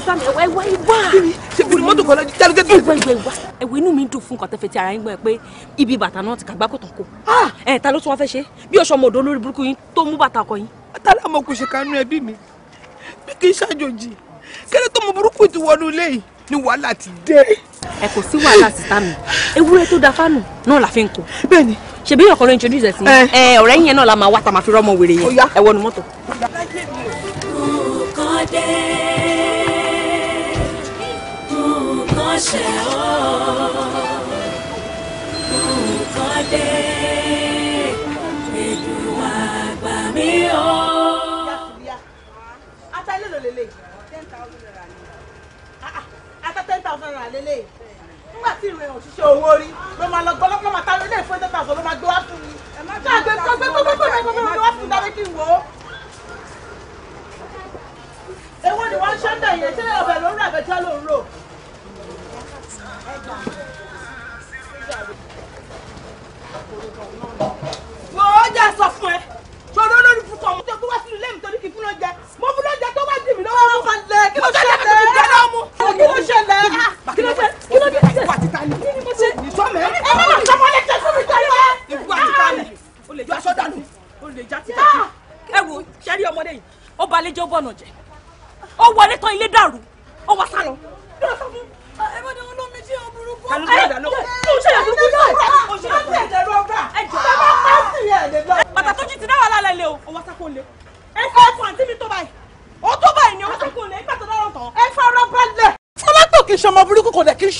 sá mi ẹwà ẹwà ẹwà. ṣe kúrò mọ́tò kan lọ́jọ́ jálùkẹ́ tó. ẹwà ẹwà ẹwà ẹwà inú mi dùn fún kọtẹ́fẹ́ ti ara yín gbọ́ ẹ pé ibi bàtà náà ti kàgbá kò tán kó. Ah! ẹ ta ló tún wá fẹ́ ṣe bí ọṣọ ọmọ ọ̀dọ́ lórí burúkú yín tó mú bàtà ọkọ yín. àtàlà ọmọ kò ṣe kanú ẹbí mi bí kì í ṣàjòjì kẹ́lẹ́ tó mọ burúkú ti wọnú ilé yìí ni wàhálà ti dé. ẹ kò sí wàhálà síta mi ewúrẹ́ tó da fánù náà la fi ń kó. bẹ́ẹ̀ni. ṣèbí ọkọ ló introduce ẹ sí eh. ẹ ọ̀rẹ́ yẹn náà la máa wá ta máa fi rọmọ wèrè yẹn ẹ ṣe ọ́ nǹkan dé ìdùnnú àgbà mi ọ́. ata ilé lò lélẹ̀ ten thousand naira ni ah, ah, ata ten thousand naira lélẹ̀ nígbà tí ìrìn òṣìṣẹ́ owó rí ló máa lọ gbọ́ lọ́pọ̀ máa ta ilé ìfowópamọ́ ten thousand ló máa gbé wá fún mi. ṣáà gbé gbé gbé gbé gbé gbé gbé wá fún mi dábẹ́ kí n wò ó èwo ni wọ́n ṣẹ́ńdà yẹn ṣé ọbẹ̀ ló ń rà bẹ́ẹ̀ tí wọ́n lò ń rò mo ọjà sọ fún ẹ ṣòro lórí fúnkan mo tó gbé wá sínú ilé mi torí kí fún lóúnjẹ mo fún lóúnjẹ tó wá dì mí lọ́wọ́ mo kàn lẹ̀ kí ló ṣẹlẹ̀ kí ló ṣẹlẹ̀ ọmú kí ló ṣẹlẹ̀ kí ló ṣẹlẹ̀ kí ló ṣẹlẹ̀ ìwà títa ni ìṣọ́mẹ́ ẹ má lọ sọmọ lẹ́kẹ́ fún mi tẹ́lẹ̀ ìwà títa ni o lè jọ aṣọ dànù o lè já títa ah! ẹ wo ṣẹ́rí ọmọdé yìí ó balẹ̀ jẹ́ ó bọ̀nà jẹ́ ó wọlé tán ilé dàrú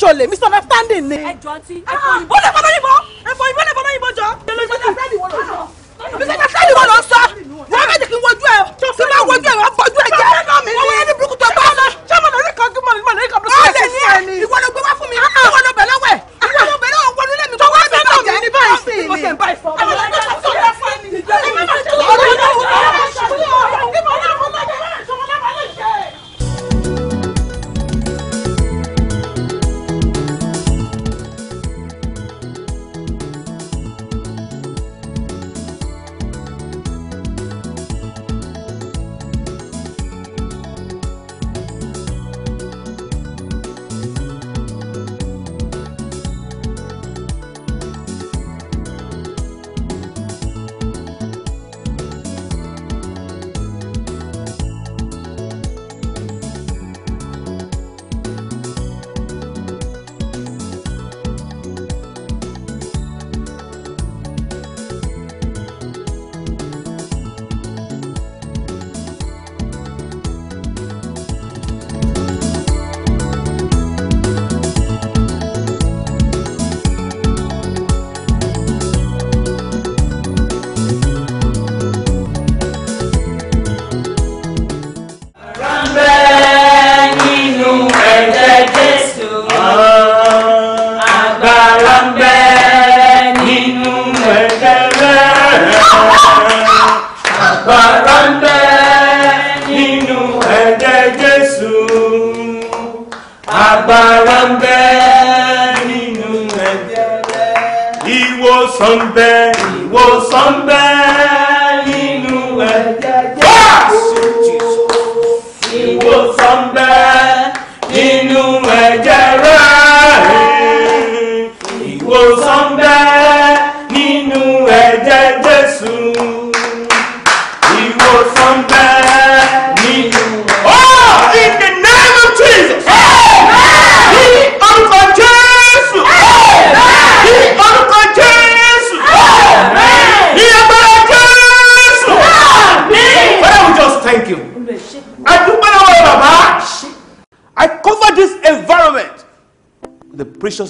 ṣọlẹ̀ misunderstanding ni. ẹ jọ ti ẹ kọ́ ah, ni.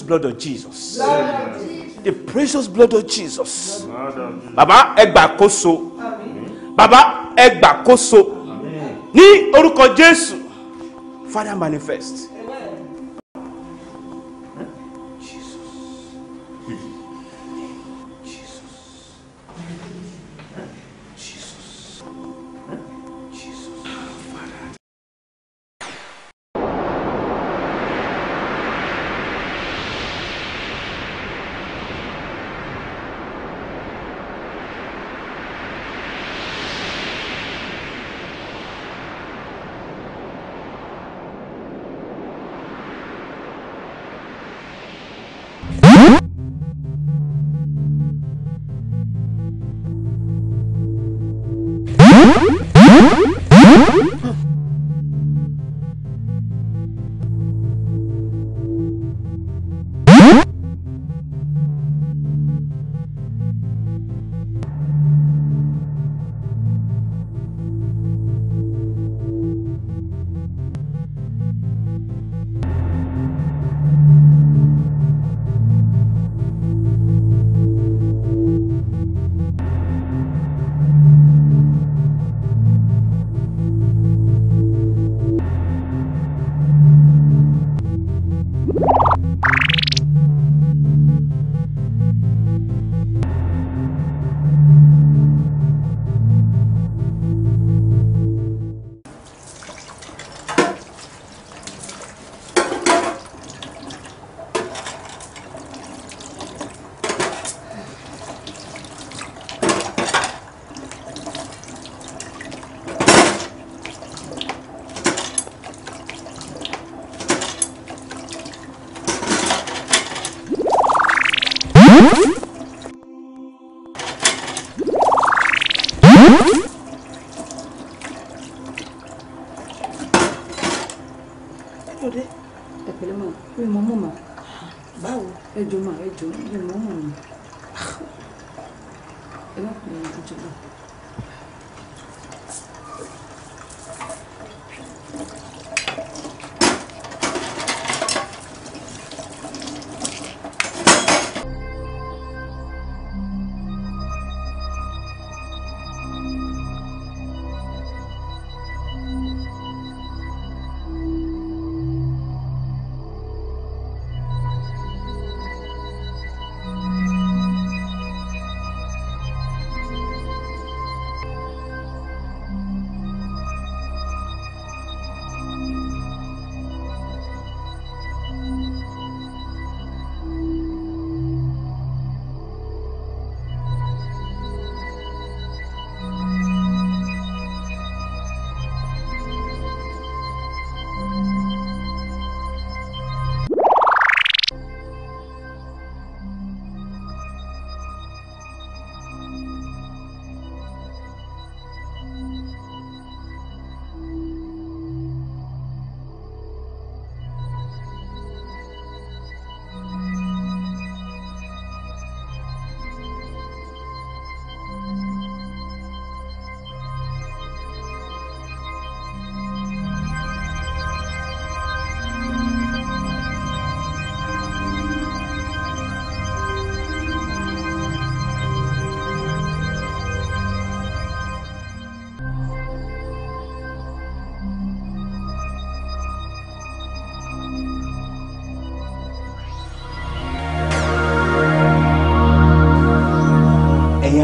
blood of Jesus. The precious blood of Jesus. Bàbá ẹ gbàkóso. Bàbá ẹ gbàkóso. Ní orúkọ Jésù, Father manifest. Amen.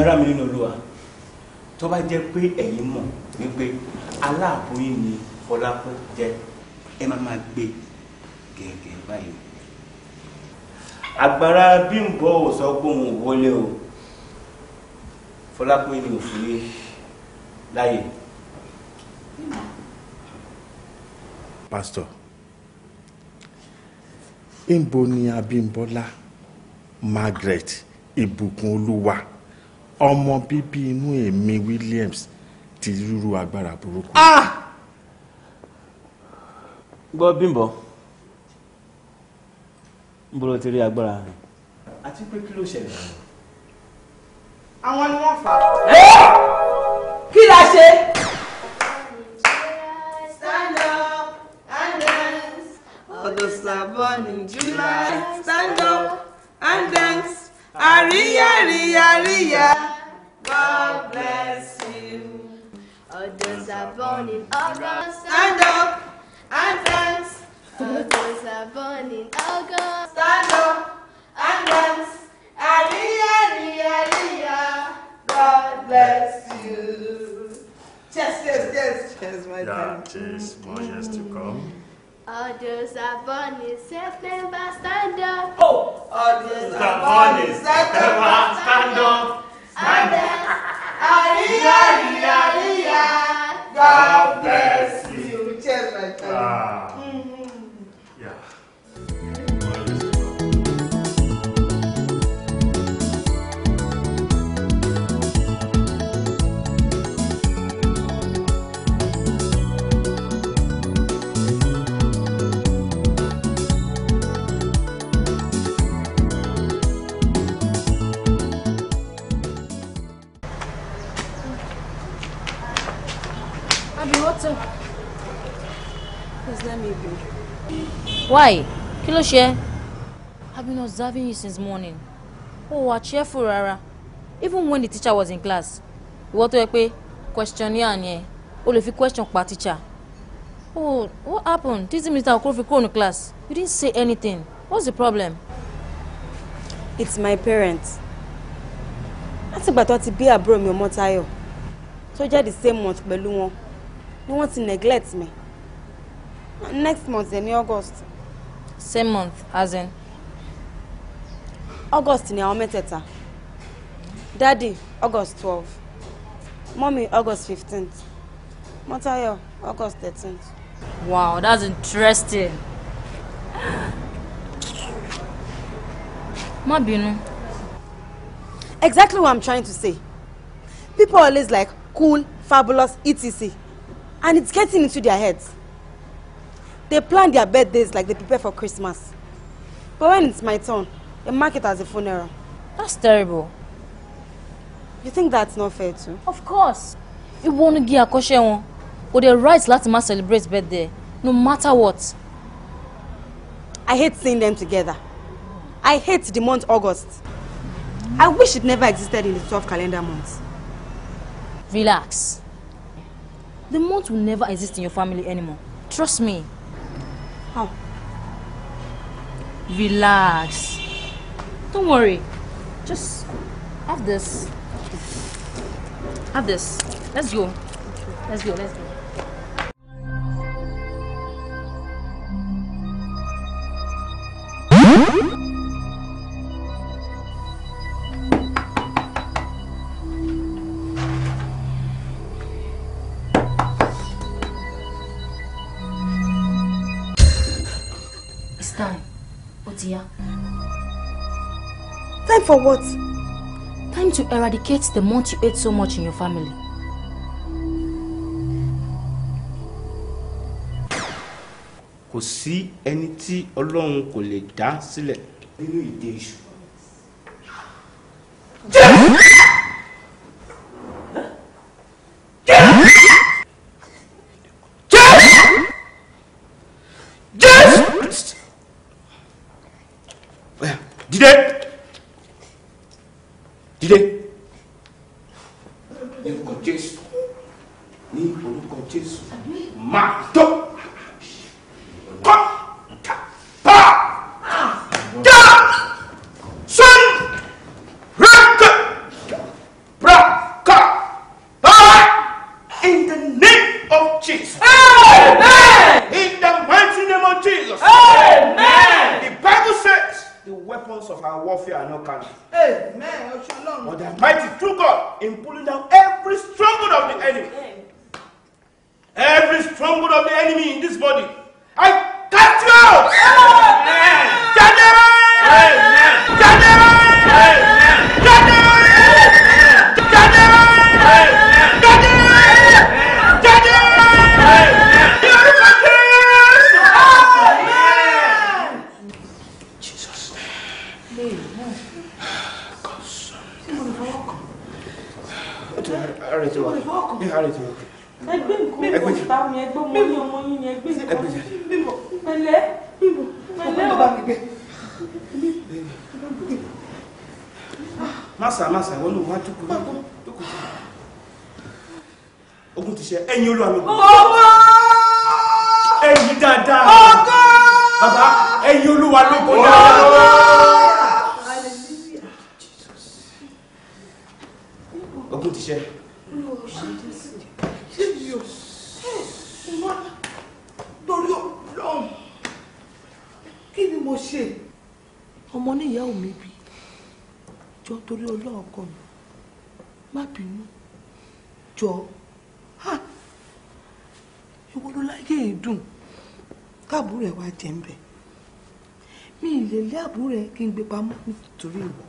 rà mí nínú olúwa tó bá jẹ́ pé ẹ̀yin mọ̀ wípé aláàbòyìn ni Fọlápọ̀ jẹ́ ẹ máa máa gbé gẹ́gẹ́ báyìí. àgbàrá Bímbọ́ ò sọ pé òun ò wọlé o Fọlápọ̀ ni ò fún yé láyè. pásítọ̀ ni Abímbọ́lá Margaret ìbùkún olúwa. E ọmọ bíbí inú èmi Williams ti rúru agbára burúkú. Ah! gbọ́ bímbọ ń bọ́lọ́ ti rí agbára rẹ̀. àti pé kí ló ṣẹlẹ̀. àwọn ni wọ́n fà á. kí la ṣe. August are born July. Stand up and dance. Àríyá, àríyá, àríyá. God bless you. Others are born in August. Stand up and dance. Others are born in August. Stand up and dance. Aliyah, Aliyah, Aliyah. God bless you. Cheers, cheers, cheers, cheers, my yeah, friend. Cheers, more years to come. Others are born in September, stand up. Oh, others are born in September, stand up. God aria, aria. Aliyah, God bless you. Cheers, my friend. Ah. Why? Kí ló ṣe? I've been observing you since morning. O oh, wà cheerful rárá. Even when the teacher was in class. Ìwọ tó yẹ pé questionnaire ni ẹ. O lè fi question pa teacher. Oh, what happened? Títí Mr. Okoro fi kúrò ní class. You didn't say anything. What's the problem? It's my parents. Láti ìgbà tó ti bí àbúrò mi ọmọ Táyọ̀ tó the same month pẹ̀lú wọn ni wọ́n ti neglect me. Next month ẹ̀ ní August same month as in. August ni àwọn mẹ́tẹ̀ẹ̀ta Daddy August twelve Mommy August fifteenth Motayo August thirteenth. Wow, that's interesting. Má bínú. Exactly what I'm trying to say. People always like cool, fabulous, etc. And it's getting into their heads. They plan their birthdays like they prepare for Christmas. But when it's my turn, they mark it as a funeral. That's terrible. You think that's not fair too? Of course. Ìwọ ni give a wọn. but dẹ̀ right láti má celebrate birthday no matter what. I hate seeing them together. I hate the month August. I wish it never existed in the 12 calendar months. Relax. The month will never exist in your family anymore. Trust me. Oh. Relax. Don't worry. Just have this. Have this. Let's go. Let's go. Let's go. Time for what? Time to eradicate the month you ate so much in your family. Kò sí ẹni tí Ọlọ́run kò lè dá sílẹ̀. Nínú ìdè iṣu. nítorí ìwọ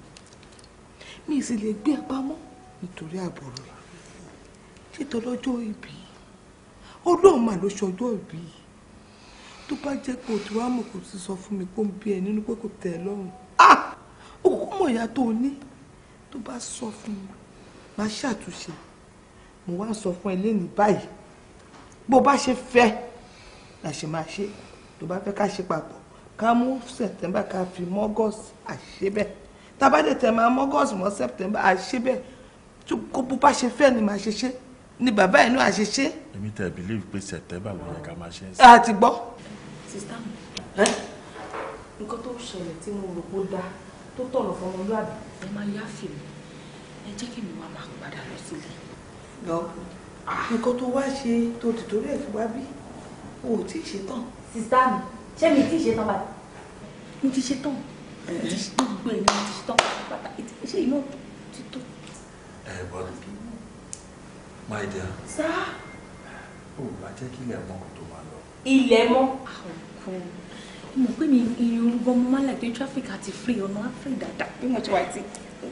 mi sì lè gbé pamọ́ nítorí àbúrò ẹ̀ ṣètò lọ́jọ́ ìbí ọlọ́run mà ló ṣọjọ́ ìbí tó bá jẹ́ pé òtún wàá mọ̀ kò sí sọ fún mi kó ń bí ẹ nínú pé kò tẹ̀ ẹ́ lọ́rùn ó kúkú mọ̀ ìyá tó ní tó bá sọ fún mi máa ṣàtúnṣe mo wá sọ fún ẹ lẹ́nu báyìí bó bá ṣe fẹ́ la máa ṣe tó bá fẹ́ ká ṣe papọ̀ ká mú sẹ̀tẹ́mbà ká fi mọ́gọ́sì àṣebẹ́ tabadẹ̀tẹ̀ máa mọ́gọ́sì mọ́ sẹ́pítẹ́mbà àṣẹ bẹ́ẹ̀ tó kó bó bá ṣe fẹ́ ni màá ṣe ṣe ni bàbá ẹ̀ náà ṣe ṣe. èmi tẹ̀ bílíìfù pé sẹ̀tẹ́mbà ló yẹ ká máa ṣe. a ti gbọ́. sista mi nǹkan tó ṣẹlẹ̀ tí mo rò kó dáa tó tọ̀nà fọmọlúwàbí ẹ máa yá fìlì ẹ jẹ́ kí mi wá máa padà lọ sílé. lọ nǹkan tó wá ṣe tó tìtorí ẹ̀ fi wá bí o ò tí ì ṣetán. sista mi ṣé mi ti ṣetán báyìí. mo ti ṣetán gbogbo èèyàn ti tán pátápátá ṣé iná ti tó. ẹ bọ́dù my dear. sá. o bá jẹ́ kí ilẹ̀ mọ́ kó tó máa lọ. ilẹ̀ mọ́. àwọn mo pé mi irun gan mo máa ń láìpẹ́ traffic àti free ọ̀nà afree dáadáa bí mo ti wà tí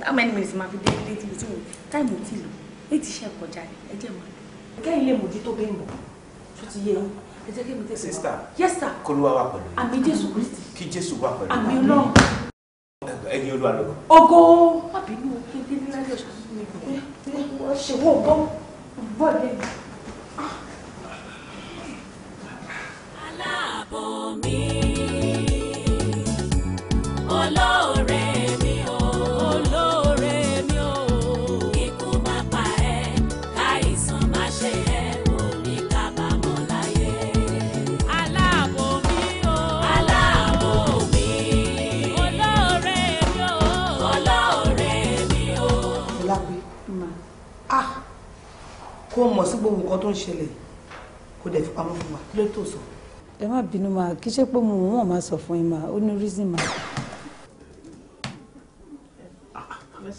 how many minutes ma fi dé dé tí mo ti wò táìmù ti lò èyí ti ṣe kọjá ẹ jẹ́ máa lọ. kẹ́hìn lè bẹ́ẹ̀ mọ̀ tó ti yé yín. Sister, jẹ́ kí mi tètè wá. sista yes sir. k'Olúwa wà pẹ̀lú yín. àmì jésù kristi. kí jésù wà pẹ̀lú yín. àmì ọlọ́run. ẹyin olúwa lọ. ogo má bínú kéde ní láyé ọ̀sán mi gbọ́. ṣe mi. kó mọ̀ sí gbogbo nǹkan tó ń ṣẹlẹ̀ kó dẹ̀ fi pamọ́ fún wa kí ló tó sọ. ẹ má bínú ma kí ṣe pé mo wọ́n máa sọ fún yín ma ó ní reason ma.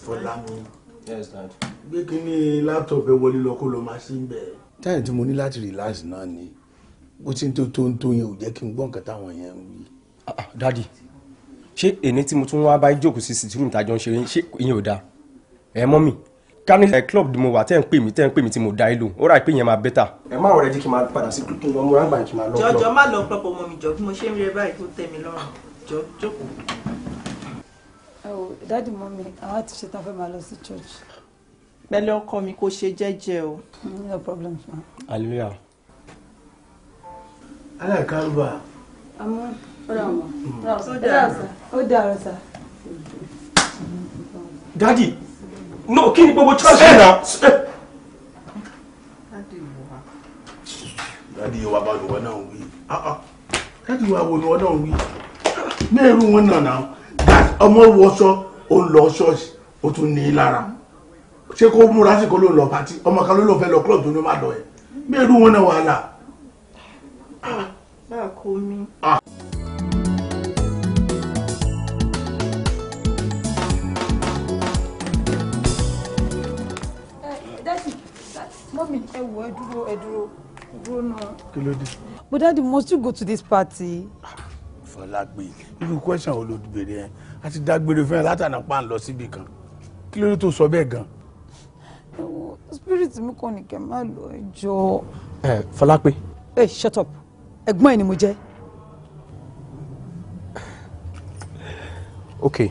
fọlá gbé kínní láptọ̀pù ẹ wọlé lọ kó lọ máa ṣe ń bẹ̀. táyà tí mo ní láti relax náà ni bó ti ń tó tó ń tó yẹn ò jẹ́ kí n gbọ́ nǹkan táwọn yẹn ń wí. Ah, ah, dadi ṣé èyí tí mo tún wá bá jókòó sí sitirun tàjọ ń ṣe ṣé ìyẹn ò dáa ẹ mọ́ mi kání ẹ eh, club ni mo wà tẹ́ ń pè mí tẹ́ ń pè mí tí mo dá yín lò ó rà pé yẹn máa bẹ́tà. ẹ má ọ̀rẹ́ jẹ́ kí n máa padà sí kí n lọ múra gbà kí n máa lọ. jọjọ má lọ pọpọ mọ mi jọ bí mo ṣe ń rí ẹ báyìí tó tẹ́ mi lọ́rùn jọ jókòó. ẹ o dáàdì mọ mi àwa ti ṣe tán fẹ́ máa lọ sí church. pẹ̀lẹ́ ọkọ mi kò ṣe jẹ́jẹ́ o. no problem. hallelujah. alákàlùbà. àmọ́ ọ̀rọ̀ àmọ́ ó dàrọ̀ sá. Mm. dádì no kí ni gbogbo trash yìí na. dadi wa bá lùwọ́ náà wí dadi wa wo lùwọ́ náà wí náà irú wọn nà náà ọmọ wọṣọ ó ń lọ ṣọ́ọ̀ṣì ó tún ní í lára ṣé kó múra sí kó ló lọ pàtí ọmọ kan ló lọ fẹ́ lọ club tó ní má lọ ẹ bí irú wọn náà wà á là. Ah, báà kò mí. mọ́mí ẹ wò ẹ dúró ẹ dúró dúró náà. kí ló dé. but daddy must you go to this party. Fọlágbé irú question wo ló béèrè yẹn a ti dágbére fún ẹ látàná pa ń lọ síbi kan kí ló dé tó sọ bẹ́ẹ̀ gan. spirit mi kàn ní kẹ́ máa lọ ẹjọ́. ẹ Fọlágbé. ẹ shut up ẹ̀gbọ́n ẹ ni mo jẹ́. ok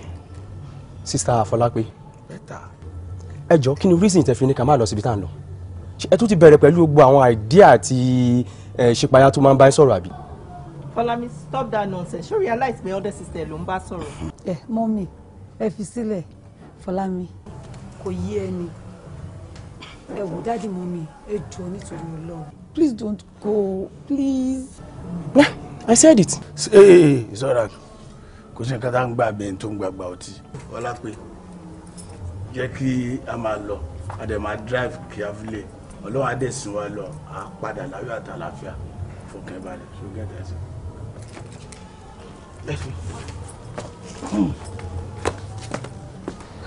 sista Fọlágbé. ẹ jọ kí ni reason tẹ́ fi ní ká máa lọ síbi tá à ń lọ ẹ tún ti bẹ̀rẹ̀ pẹ̀lú gbogbo àwọn àìdíà àti ṣípayá tó máa ń bá ẹ sọ̀rọ̀ àbí. Fọlámi stop that nonsense ṣó realize pé ọdẹ sister ló ń bá sọ̀rọ̀. ẹ eh, mọ́mì ẹ fi sílẹ̀ Fọlámi kò yí ẹni ẹ wò dáàdì mọ́mì ẹ jọ nítorí Ọlọ́run please don't go please. Yeah, I said it. ṣé ìṣọ́ra eh, eh, kò sí nǹkan tá à ń gbà bẹ́ẹ̀ tó ń gbàgbà ọtí ọlá pé jẹ́ kí a máa lọ a dẹ̀ máa drive kí a fi lè ọlọ́run adé sùn wa lọ à padà láyọ̀ àti àlàáfíà fọkàn balẹ̀ so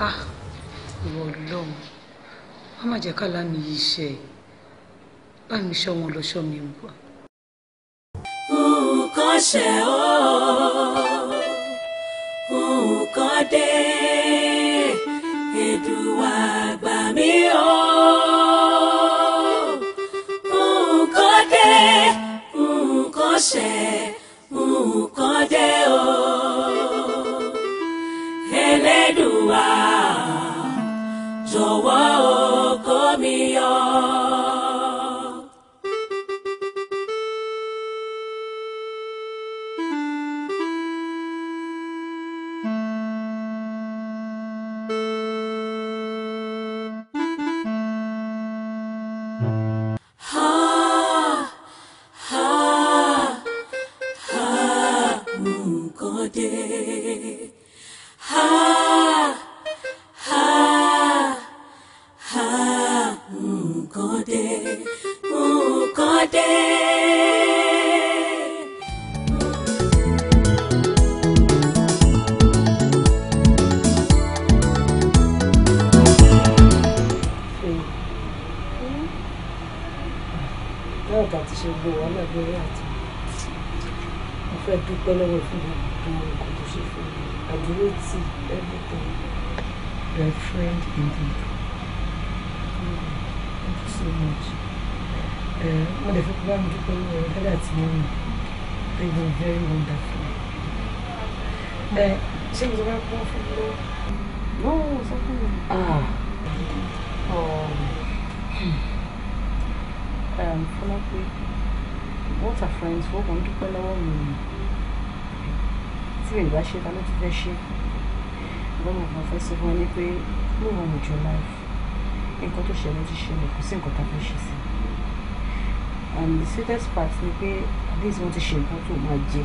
ah ìwọ ọlọ́run má má jẹ́ ká lámì yìí ṣe bá mi ṣọ́ wọn lọ́ṣọ́ mi ń bọ̀. nǹkan ṣe ọ́ nǹkan dé Èdùwà gbà mí o dé nǹkan ṣẹ nǹkan dé o Ẹlẹ́dùwà jọ̀wọ́ o kó mi yọ. manage your life nǹkan tó ṣẹlẹ̀ ti ṣẹlẹ̀ kò sí nǹkan tá a fẹ́ ṣe sí and the sweetest part ni pé at least wọ́n ti ṣe nǹkan tó máa jẹ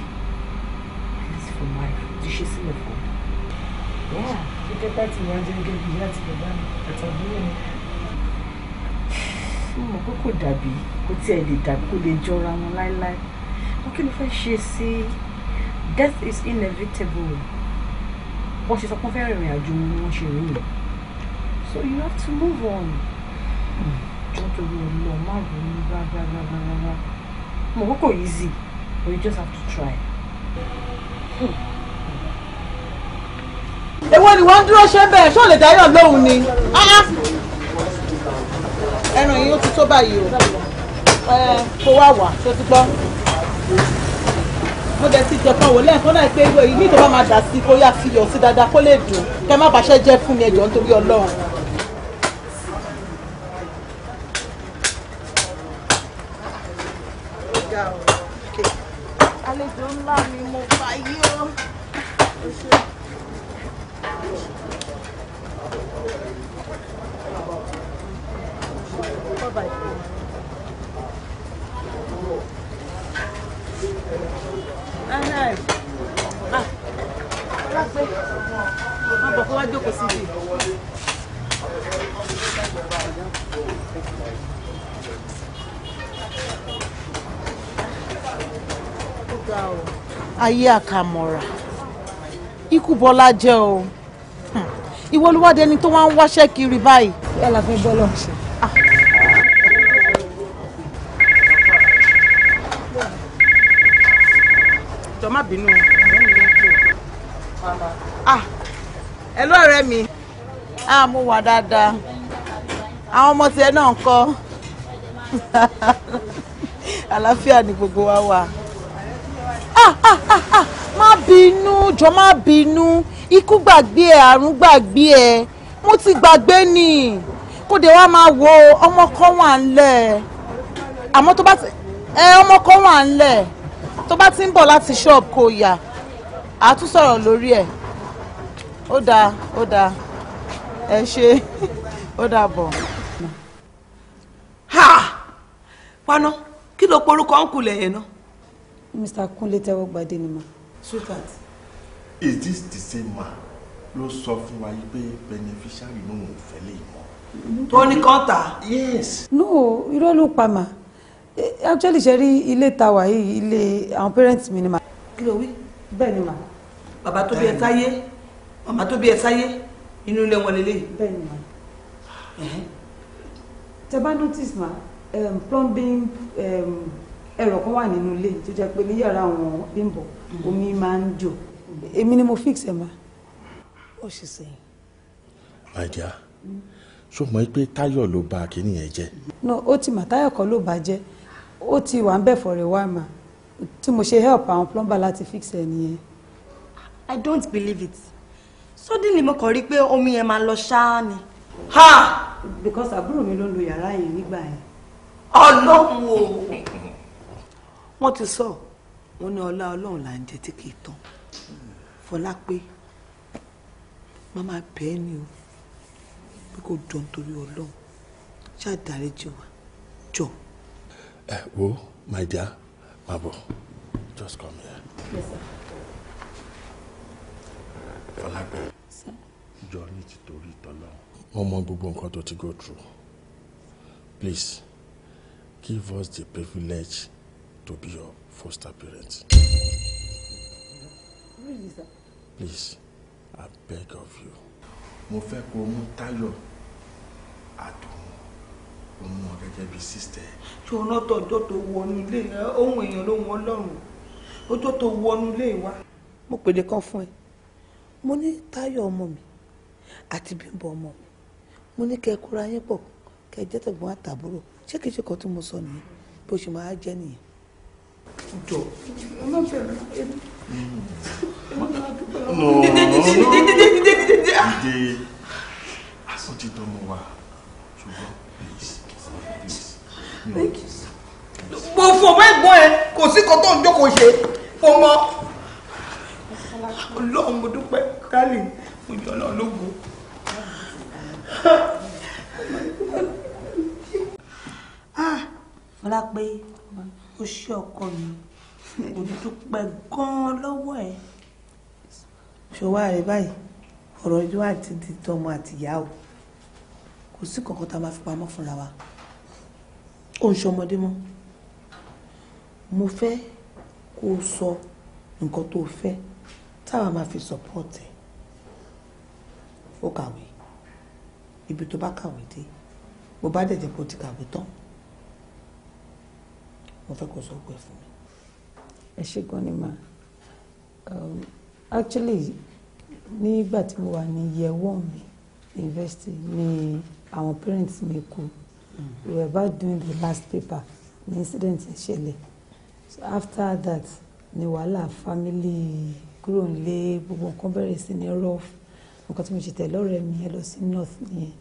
at least for my ti ṣe sílẹ̀ fún mi. kíkẹ́ pàtì wa jẹ́ gẹ́gẹ́ bí ìyá àti bàbá mi àtàbúrò mi. mo mọ̀ pé kò dàbí kò tiẹ̀ lè dàbí kò lè jọra wọn láéláé wọ́n kí ló fẹ́ ṣe sí death is inevitable wọ́n ṣe sọ pé wọ́n fẹ́ rìnrìn àjò wọn ṣe rìn yìí so you have to move on be nítorí ọlọ blah blah blah blah. rárá mo kókò easy but you just have to try. Hmm. èwo ni wọ́n ń dúró ṣe bẹ́ẹ̀ ṣó lè dáyọ̀ lóhùn ni ẹran yìí ó ti tó báyìí you. For wá wà ṣó ti gbọ́ mo dẹ̀ ti jẹ̀kan wò lẹ́ẹ̀kan náà pé ìwé yìí to ìjọba máa dà sí kó yá fi yọ̀ sí dáadáa kó lè dùn kẹ́ má bàṣẹ́ jẹ́ fún mi ẹ̀jọ̀ nítorí Ọlọ́run. ayé àkàmọ̀ra ikú bọ́lá jẹ́ o hmm. ìwọ olúwádé ni tó wá ń wáṣẹ́ kiri báyìí. bẹ́ẹ̀ la fẹ́ bọ́lọ̀ ṣe. Ah. jọ má bínú ẹ ló ọ̀rẹ́ mi. a mú wà dáadáa àwọn ọmọ tiẹ̀ náà ń kọ́ (laughs) àlàáfíà ni gbogbo wa wà bínú jọ má bínú ikú gbàgbé ẹ àrùn gbàgbé ẹ mo ti gbàgbé ni kó de wá máa wo ọmọ kan wà ńlẹ̀ àmọ́ tó bá ti ẹ ọmọ kan wà ńlẹ̀ tó bá ti ń bọ̀ láti ṣọ́ọ̀bù kò yà á tún sọ̀rọ̀ lórí ẹ̀ ó dáa ó dáa ẹ ṣe ó dáa bọ̀. ha paná kí ló porúkọ ń kulẹ̀ yẹn náà. Mr. Kúnlé tẹ́wọ́ gbadé ni mà sweetheart. is this the same man ló sọ fún wa yìí pé beneficiary ló ń fẹ́ lè mọ́. ó ní kọ́ńtà. yes. no irọ́ ló pa mà e, actually ṣe rí ilé ta wà yìí ilé àwọn parents mi ni mà. kí ló wí. bẹ́ẹ̀ ni mà. bàbá tó bí ẹ sáyé màmá tó bí ẹ sáyé inú ilé wọn lélẹ́yìí. bẹ́ẹ̀ ni mà. tẹ bá notice ma um, plumbing um, ẹ̀rọ kan wà nínú ilé tó jẹ́ pé ní yàrá àwọn bímbọ̀ omi máa ń jò èmi ni mo fix ẹ̀ ma ó sì sẹ́yìn. my dear ṣó mọ̀ pé táyọ̀ ló ba kínní yẹn jẹ́. no ó ti mà táyọ̀ kọ́ ló bà jẹ́ ó ti wà ń bẹ̀ fọ̀rẹ̀ wá mà tí mo ṣe help àwọn plumber láti fix ẹ̀ nìyẹn. i don't believe it suddenly mo kàn rí i pé omi yẹn máa lọ ṣáá ni. ha because àbúrò mi ló ń lo yàrá yẹn nígbà yẹn. ọlọ́run o wọ́n ti sọ. So wọ́n ní ọlá ọlọ́run là ń jẹ tí kìí tán fọlá pé màmá bẹ́ẹ̀ ni o pé kò dán torí ọlọ́run ṣáà dáríjì wa jọ. ẹ wo my dear má bọ̀ just come here. Yes, fọlá pé jọ ní títorí tọ́lọ́ wọ́n mọ gbogbo nǹkan tó ti go through please give us the privilege to be your foster parents. Please, I beg of you. Mo fẹ́ kó mú Táyọ̀ àdùn òun wọn gẹ́gẹ́ bíi sister. Ṣọlá tọjọ́ tó wọnú ilé ohun èèyàn ló wọn lọ́rùn. Ọjọ́ tó wọnú ilé wa. Mo pèdè kan fún ẹ. Mo ní Táyọ̀ ọmọ mi àti Bímbọ́ ọmọ mi. Mo ní kẹ́ kóra yín pọ̀ kẹ́ jẹ́ tẹ̀gbọ́n àtàbúrò. Ṣé kìí ṣe kan tí mo sọ nìyẹn? Bó ṣe máa jẹ́ nìyẹn jọ ah. ìdè ó ti dọmọ wa ṣùgbọ́n please mo fò má gbọ́n ẹ kò sí kan tó ń jókòó ṣe fò mọ́ ọlọ́run mo dúpẹ́ kálí mo jọ náà lógo. Ah, Fọlá pé o ṣe ọkọ mi mo dúpẹ́ gan-an lọ́wọ́ ẹ̀. ṣọwọ́ báyìí ọ̀rọ̀ ìjọ àti di tọmọ àti ìyá o kò sí kankan tá a máa fi pamọ́ fúnra wa ó ń ṣọmọdé mọ́ mo fẹ́ kó o sọ nǹkan tó o fẹ́ táwa máa fi support ẹ̀ ó kàwé ibi tó bá kàwé dé bó bá dẹ̀ kó o ti kàwé tán mo fẹ́ kó sọ pé fún mi. ẹ ṣe gan ni ma um, actually nígbà tí mo wà ní year one university ni àwọn parents mi kú we were about doing the last paper ní incident ìṣẹ̀lẹ̀ so after that ni wàhálà family kúrò nílé gbogbo nǹkan bẹ̀rẹ̀ sí ní rough nǹkan tí mo ṣe tẹ̀lé ọ̀rẹ́ mi yẹn lọ sí north nìyẹn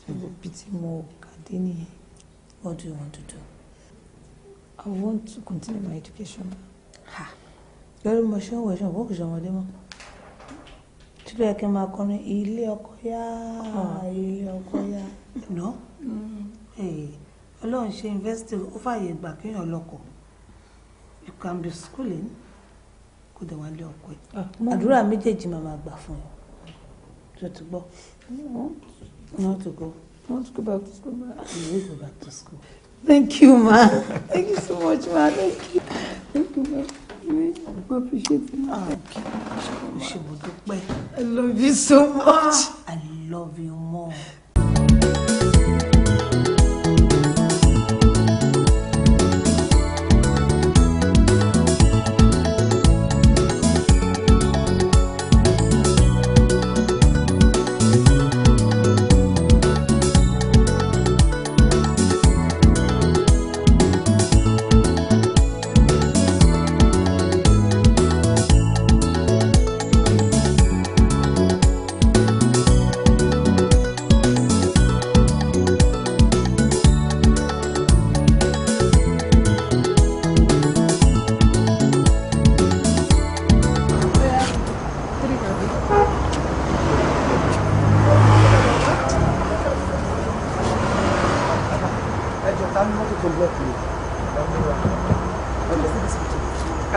so bí tí mo kà nìyẹn. What do you want to do? I want to continue my education. Ha! Lórí mo ṣe ń wẹ̀ṣọ̀ bó kì í ṣọmọdé mọ́. Tí ló yẹ kí n máa kọrin ilé ọkọ yá hmm. ilé ọkọ yá. Nà hmm. Ọlọ́run ṣe investi ó fààyè gbà kéèyàn lọ́kọ. You can be schooling kó dẹ̀ wá lé ọkọ ẹ̀. Ah, Àdúrà méjèèjì máa ma gbà fún ẹ. Tó ti gbọ́. I No to go. I want to go back to school. You will go back to school. Thank you, ma. Thank you so much, ma. Thank you. Thank you, ma. I appreciate it. Ma. Thank ah, I love you so much. I love you more.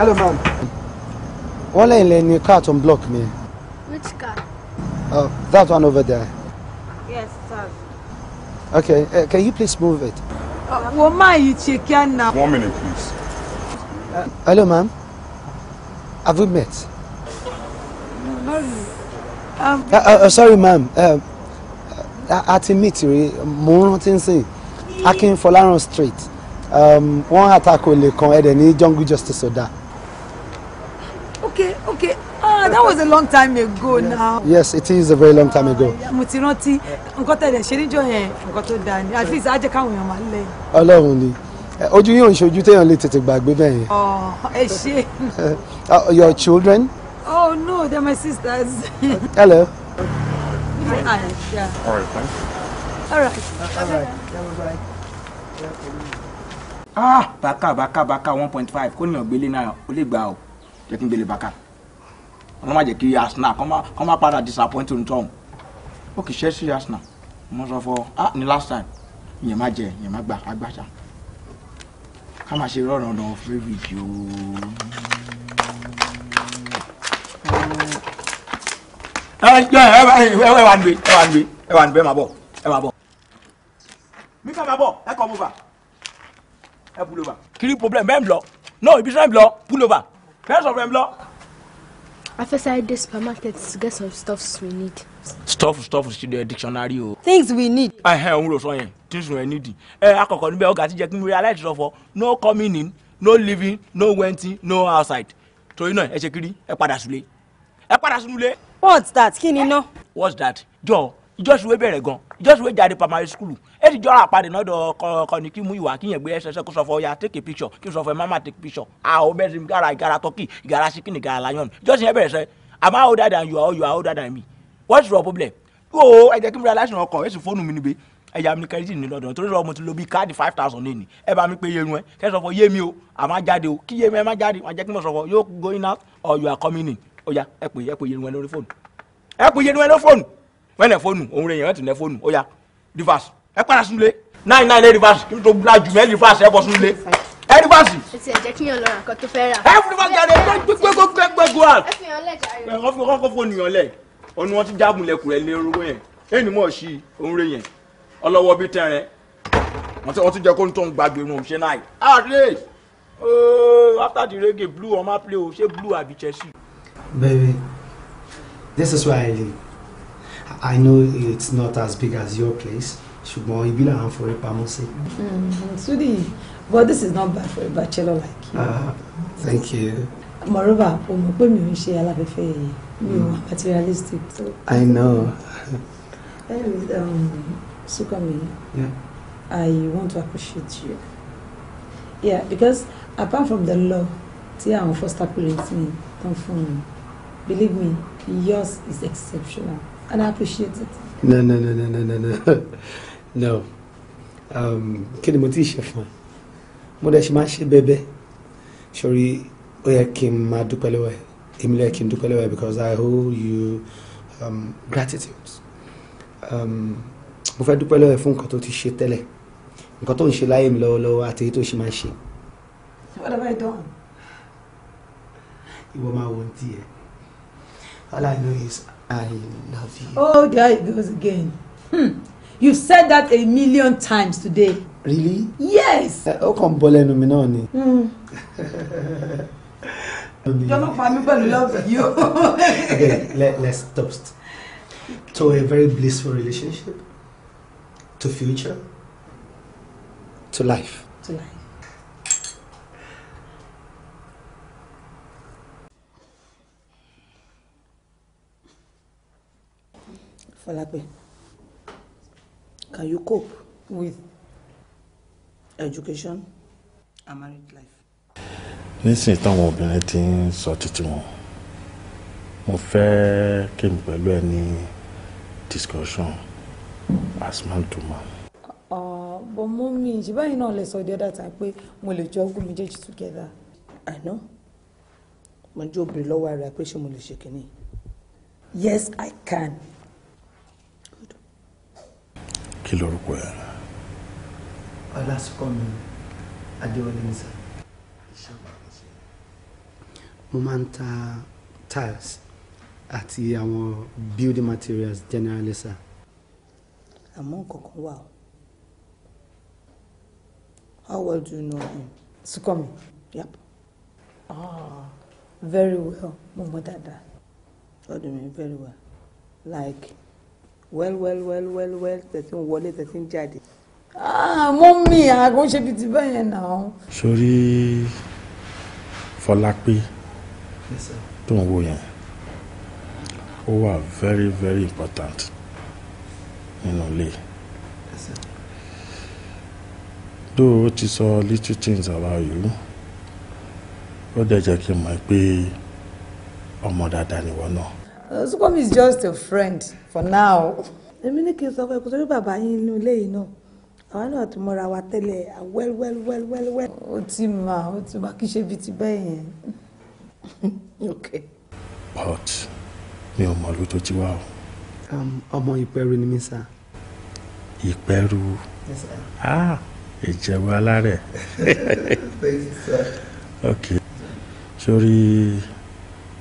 hello ma'am. wọ́n lẹ́yìn lẹ́yìn ní car tó block mi. which car. oh that one over there. yes sir. okay uh, can you please move it. Ah, wo máa yí chekia now. one minute please. Uh, hello ma'am have we met. no no. Um, uh, uh, sorry ma'am. Um, a ti meet rí mo ń rántí ń sìn Akin Fọláràn street um, wọ́n àtakò lè kan ẹ̀dẹ̀ ní Jungle Justice ọ̀dà. So okay okay ah that was a long time ago yes. now. yes it is a very long time ago. mo ti rántí nǹkan tẹ̀lé ṣe níjọ yẹn nǹkan tó dáa ni at least á jẹ́ káwọn èèyàn máa lẹ̀. ọlọ́run ni eh, ojú yóò ń ṣojú téèyàn lè tètè gbàgbé bẹ́ẹ̀ yẹn. ọ oh, ẹ ṣe. (laughs) Uh, your children. oh no they're my sisters. (laughs) hello. hi. Ah, thanks. all right. ah baka, baka, baka. one point five kó nà gbélé náà ó lè gbà ó jẹ́ kí n gbélé bàkà wọn má jẹ́ kí Arsenal kọ́ má padà disappoint ohun tọ́hún ó kì í ṣe sí Arsenal mo sọ fọ ah ní last time ìyẹn má jẹ ìyẹn má gbà agbáṣà ká má ṣe rọrùn ọ̀nà free week o. ẹ ẹ ẹ wà ń gbé ẹ wà ń gbé ẹ wà ń gbé ẹ má bọ̀ ẹ má bọ̀ mi fẹ́ máa bọ̀ ẹ kọ́ mú bà ẹ pull over. kiri problem bẹ́ẹ̀ ń lọ no ibi sẹ́ẹ̀ ń lọ pull over. First of I first I did supermarket to get some stuffs we need. Stuff, stuff is the dictionary oh. Things we need. Ẹ ẹ òun ló sọ things we need. Eh, akọ̀kọ̀ níbẹ̀ be ti jẹ́ kí n realize sọ̀fọ̀ no coming in, no leaving, no in, no outside. Torí náà ẹ ṣe kiri, ẹ padà súlé. Ẹ padà súlé. What's that? Kí ni eh, ná? What's that? Jọ, ìjọ́sùwé bẹ̀rẹ̀ gan, ìjọ́sùwé jáde primary school ẹ ti jọra àpàdé náà dọ̀ kọ́ni kí mú ìwà kí yẹn gbé ẹsẹ̀ kó sọ fọ ya take a picture kí sọ fọ ẹ mama take picture àwọn bẹ́ẹ̀ sì gara ìgara tọ́kì ìgara síkìnì ìgara lion jọ́sìn ẹ bẹ̀rẹ̀ sẹ́ am I older than you or you are older than me what's your problem? o ẹ kí mi ra láìsàn ọkọ̀ ẹ fóònù mi níbi ẹ̀yà mi kẹ́rìtì ní lọ́dọ̀ torí ọmọ ti lo bíi káàdì five thousand ní ẹ bá mi pé yé mi ẹ má going out or you ẹ padà sínú ilé nine nine rivers kí n tó gbúra jù mẹ́rin rivers ẹ bọ̀ sínú ilé ẹ rivers. ẹ ti ẹ jẹ́ kí yàn lọ́ra nǹkan tó fẹ́ rà. ẹ fún rivers jáde ẹ fi hàn lẹ jàre. ẹ kọ́ kọ́ wọn wọ́n ti jẹ́ kó ń tó ń gbàgbé irun ṣe náà. àdé ah, oh, after the reggae blue ọmọ play o ṣé blue àbí Chelsea. baby this is where I live I know it's not as big as your place ṣùgbọ́n ibi là ń forí pamọ́ sí. Mm-hmm. sudi but this is not bad for a bachelor like you. ah thank you. moreover o mọ̀ pé mi ò ń ṣe aláfẹ́fẹ́ yìí mi ò mm. wà materialistic. So. i know. anyways um, Sukanmi yeah. i want to appreciate you. yeah because apart from the love tí àwọn foster parents mi tán fún mi believe me yours is exceptional and i appreciate it. no no no no no no. (laughs) no um, kí ni mo ti ṣe fún ẹ mo dẹ̀ ṣe máa ṣe bẹ́bẹ́ sori ó yẹ kí n máa dúpẹ́ lọ́wọ́ ẹ èmi ló yẹ kí n dúpẹ́ lọ́wọ́ ẹ because I owe you um, gratitude um, mo fẹ́ dúpẹ́ lọ́wọ́ ẹ fún nǹkan tó ti ṣe tẹ́lẹ̀ nǹkan tó ń ṣe láyé mi lọ́wọ́lọ́wọ́ àti èyí tó ṣe máa ń ṣe. What have I done? Ìwọ máa wo ti ẹ. All I know is I love you. Oh, there it goes again. Hmm you said that a million times today. really. yes. ó kàn bọ́ lẹ́nu mi náà ni. Hmm. jọlọ pa mi pẹ̀lú love you. (laughs) okay let, let's toast to a very blissful relationship to future to life. to life. Fọlápẹ́. Can you cope with education and married life? Nísìnyí táwọn obìnrin ti ń sọ títí wọn, mo fẹ́ kí n pẹ̀lú ẹ ní discussion as man to man. But mommy, ṣe báyìí náà lè sọ the other time pé mo lè jọ ogún méjèèjì together. I know. Mo jẹ́ obìnrin lọ́wọ́ ara pé ṣé mo lè ṣe kìíní. Yes, I can kí lorúkọ ẹ. ọlásùnkànmí adéwọlé ní sá. mo máa ń ta tiles àti àwọn building materials generally sá. àmọ́ nǹkan wà o how well do you know him sukomi yep ah very well mo mọ̀ dáadáa ọdún mi very well like wẹ́lwẹ́lwẹ́lwẹ́l tẹ̀sí ń wọlé tẹ̀sí ń jáde. Ah, mọ́mí àgọ́ ṣe fi ti bẹ́yẹn náà. sórí fọlápé tó ń wo yẹn ó wà very very important nínú ilé though ó ti sọ little things about you ó dẹ̀ jẹ́ kí n mọ̀ pé ọmọ dáadáa nìwọ náà. Uh, Sukom is just a friend for now. èmi ní kí n sọ fún ẹ kó sọ pé bàbá yín inú ilé yìí náà àwa náà ti mọra wa tẹ́lẹ̀ well well well well well. ó ti mà ó ti mà kí ṣe bíi ti bẹ́ẹ̀ yẹn. (laughs) okay. but mi ò mọ ìlú tó ti wá o. Um, ọmọ ìpẹ́rù ni mí sá. ìpẹ́rù. yes sir. ah ìjẹ̀wọ́ alárẹ̀. thank you sir. okay sórí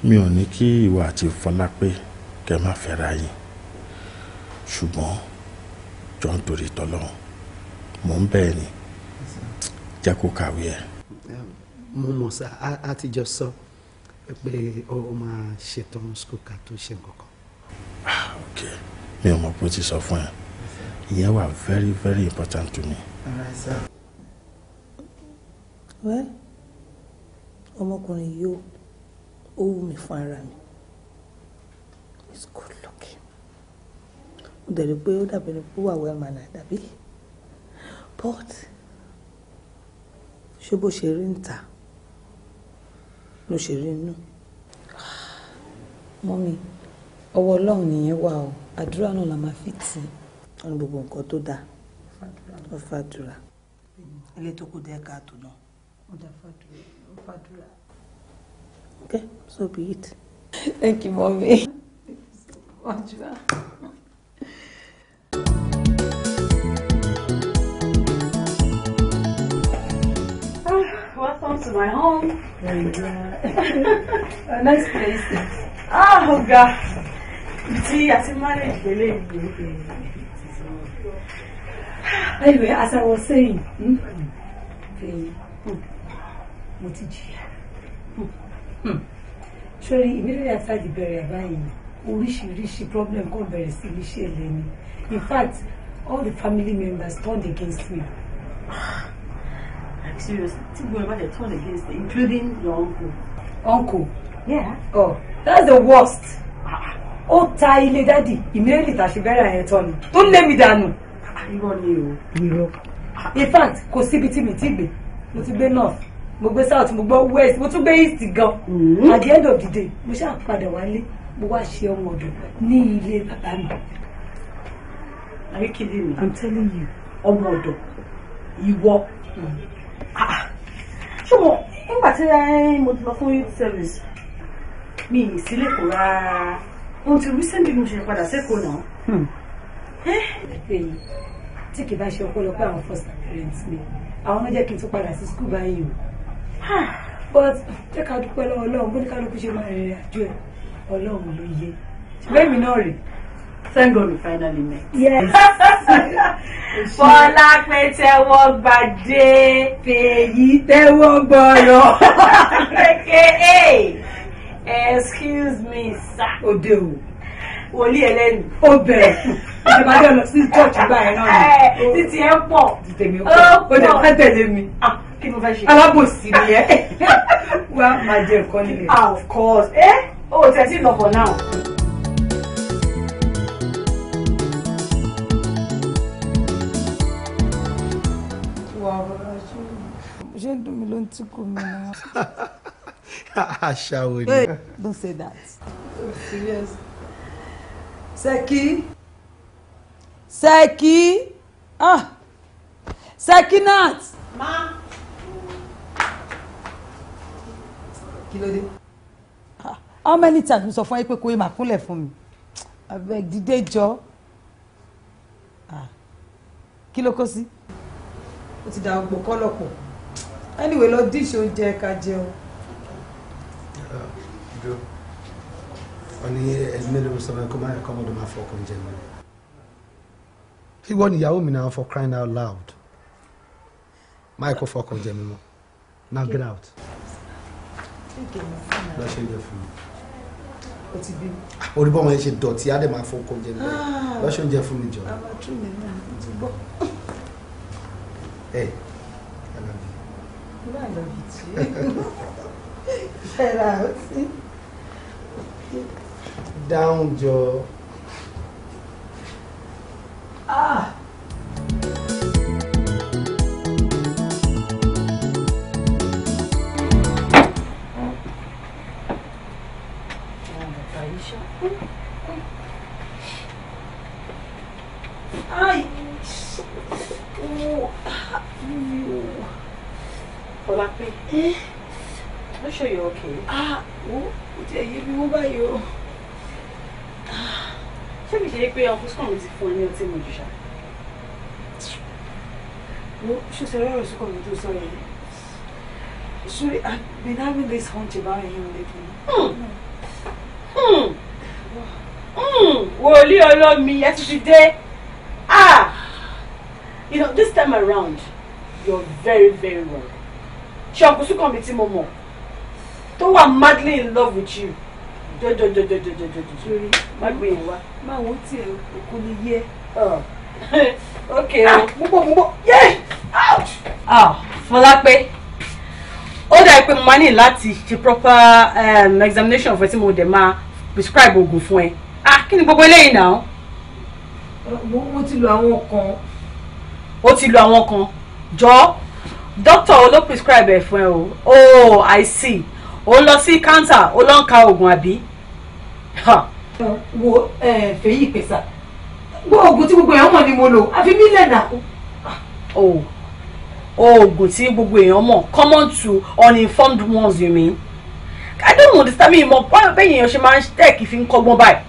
mi ò ní kí ìwà àti ìfọlápẹ́ kẹ́ máa fẹ́ra yín ṣùgbọ́n jọ ń torí tọ́lọ́run mò ń bẹ́ẹ̀ ni jẹ́ kó kàwé ẹ̀. mo mọ̀ sá a ti jọ sọ pé ó máa ṣetán skul ká tó ṣe nǹkan. Ah, ok mi ò mọ̀ pé ó ti sọ fún ẹ ìyẹn wà very very important to me. well ọmọkùnrin yìí ó wù mí fún ara mi he's good looking mo pé ó dàbí ẹni ó wà well mannered dàbí but ṣé bó ṣe rí níta ló ṣe rí inú mọ́mi ọwọ́ ọlọ́run nìyẹn wà o àdúrà náà la máa fi tì í. wọ́n ní gbogbo nǹkan tó dáa ó fàdúrà ilé tó kù dẹ́ka àtò náà. ó dá fàdúrà ó fàdúrà. okay so be it. thank you mommy. (laughs) to my home. a nice place. Ah, ọ̀gá. Tí a see manage pẹ̀lú ìlú. Anyway, as I was saying, hmm, hmm, hmm, hmm. Surely, immediately after the bẹ̀rẹ̀ báyìí, oríṣiríṣi problem kan bẹ̀rẹ̀ sí ní ṣẹlẹ̀ ni. In fact, all the family members turned against me. Seriously, think about the turned against them, including your uncle. Uncle? Yeah. Oh, that's the worst. Ó ta ilé dádì immediately tàṣí bẹ́rẹ̀ àyẹ̀ tán ni tó lé mi dànù. Irọ́ ni o. Irọ́. In fact, kò síbi tí mi ti gbé. Mo ti gbé north, mo gbé south, mo gbé west, mo tún gbé east gan. Mm-hmm. At the end of the day, mo ṣáà padà wálé, mo wá ṣe ọmọ ọ̀dọ̀ ní ilé bàbá mi. Are you kidding me? I'm telling you. Ọmọ ọ̀dọ̀, ìwọ. Mm ṣùgbọ́n nígbà tí mo lọ fún youth service mi ì sí lẹ́kọ̀ọ́ rárá ohun ti recently mo ṣe padà sẹ́kọ̀ọ́ náà. Hmm. ẹ̀ẹ́dẹ̀gbẹ̀yìn tí kì bá ṣe ọ̀pọ̀lọpọ̀ àwọn first parents mi àwọn ọmọ jẹ́ kí n tún padà sí school báyìí o but jẹ́ ká dúpẹ́ lọ́wọ́ ọlọ́run bó ní kálukú ṣe máa rìnrìn àjò ẹ̀ ọlọ́run ló yẹ ṣùgbọ́n náà rèé Thank God we finally met. Yes. Fọlápé (laughs) tẹ́wọ́ gbadé. Fèyí tẹ́wọ́ gbọ́yọ̀. (laughs) Kékeré. Excuse me, sir. Òde o. Wòlíì ẹlẹ́nu. Ó bẹ̀rẹ̀. Ìjọba lọ sí church gbà ẹ̀ náà ni. Eh, títí ẹ pọ̀. Tèmi pọ̀. Ó lè fẹ́ tẹ̀lé mi. Ah, kí mo fẹ́ ṣe? Alábòsí ni ẹ. (laughs) Wá máa jẹ nǹkan nílẹ̀. Ah, of course. Ẹ́ eh, o tẹ̀sí lọ for now. ọdún ló ń tìkú mi náà. (laughs) àṣà wo ni. wait don't say that. oh serious. Ṣẹ́kí Ṣẹ́kí ah Ṣẹ́kínát. má. kí ló dé. Ah. how many times mo sọ fún ẹ pé kò yẹ máa kúnlẹ̀ fún mi abeg dìde jọ ah. kí ló kó sí. ó ti dà ọgbọ̀n kọ́lọ̀ pọ̀ anyway lọ díṣe oúnjẹ ká jẹun. ọ̀nì ẹ̀dínlẹ́dẹ́ mo sọ pé kó má yẹ kọ́mọdé máa fọ ọkùnrin jẹ mọ́lẹ̀. ìwọ ni ìyàwó mi náà for crying out loud má yẹ kó fọ ọkùnrin jẹ mi mọ́ now get out. lọ ṣe oúnjẹ fún mi. o ti bí. Ah, orí bọ́ wọn yẹn ṣe dọ̀tí á dẹ̀ máa fọ ọkùnrin jẹ mi lọ ṣe oúnjẹ fún mi jọ. àwọn àtúnyẹ̀ náà ti bọ̀. I love you too. Shout Down jaw. Ah. Ai! Oh, meu! Ọlápé. Eh? I'm sure you're okay. Ah, oh, dear, you be over you. Ṣé mi ṣe é pé ọkùnrin sùkọ̀ mi ti fún ọ ní ọtí mo jù ṣá? Mo ṣùṣe lọ́rọ̀ sùkọ̀ mi tó sọ yẹn. Ṣé I've been having this hunch about him lately. Hmm. Hmm. Hmm. Wòlíì ọlọ́mi ẹ ti ti dé. Ah! You know, this time around, you're very, very wrong. She ṣọ́ọ̀kù Súnkànmí tí mo mọ̀ tó wà madly in love with you jọjọjọjọjọjọjọ má gbé yẹn wá. máa wo tí ẹ kò ní yẹ. (laughs) ok o ah, múbọ múbọ yé out. Ah, Fọlápé ó dà pé mo máa ní láti ṣe proper um, examination fún ẹ tí mo dẹ̀ máa prescribe oògùn fún ẹ ah kí ni gbogbo eléyìí náà. mo ti lo àwọn kan. ó ti lo àwọn kan jọ doctor o ló prescribe ẹ̀ fún ẹ o oh i see o lọ sí counter o lọ ń ka oògùn àbí. wo fèyí ìpèsà gbọ́ oògùn tí gbogbo èèyàn mọ̀ ni mo lò àfi mílẹ̀ nà. oògùn tí gbogbo èèyàn mọ̀ common to uninformed ones you mean. i don't understand mi mọ bẹ́ẹ̀ èèyàn ṣe máa ń tẹ̀kì fi ń kọ́gbọ́n báyìí.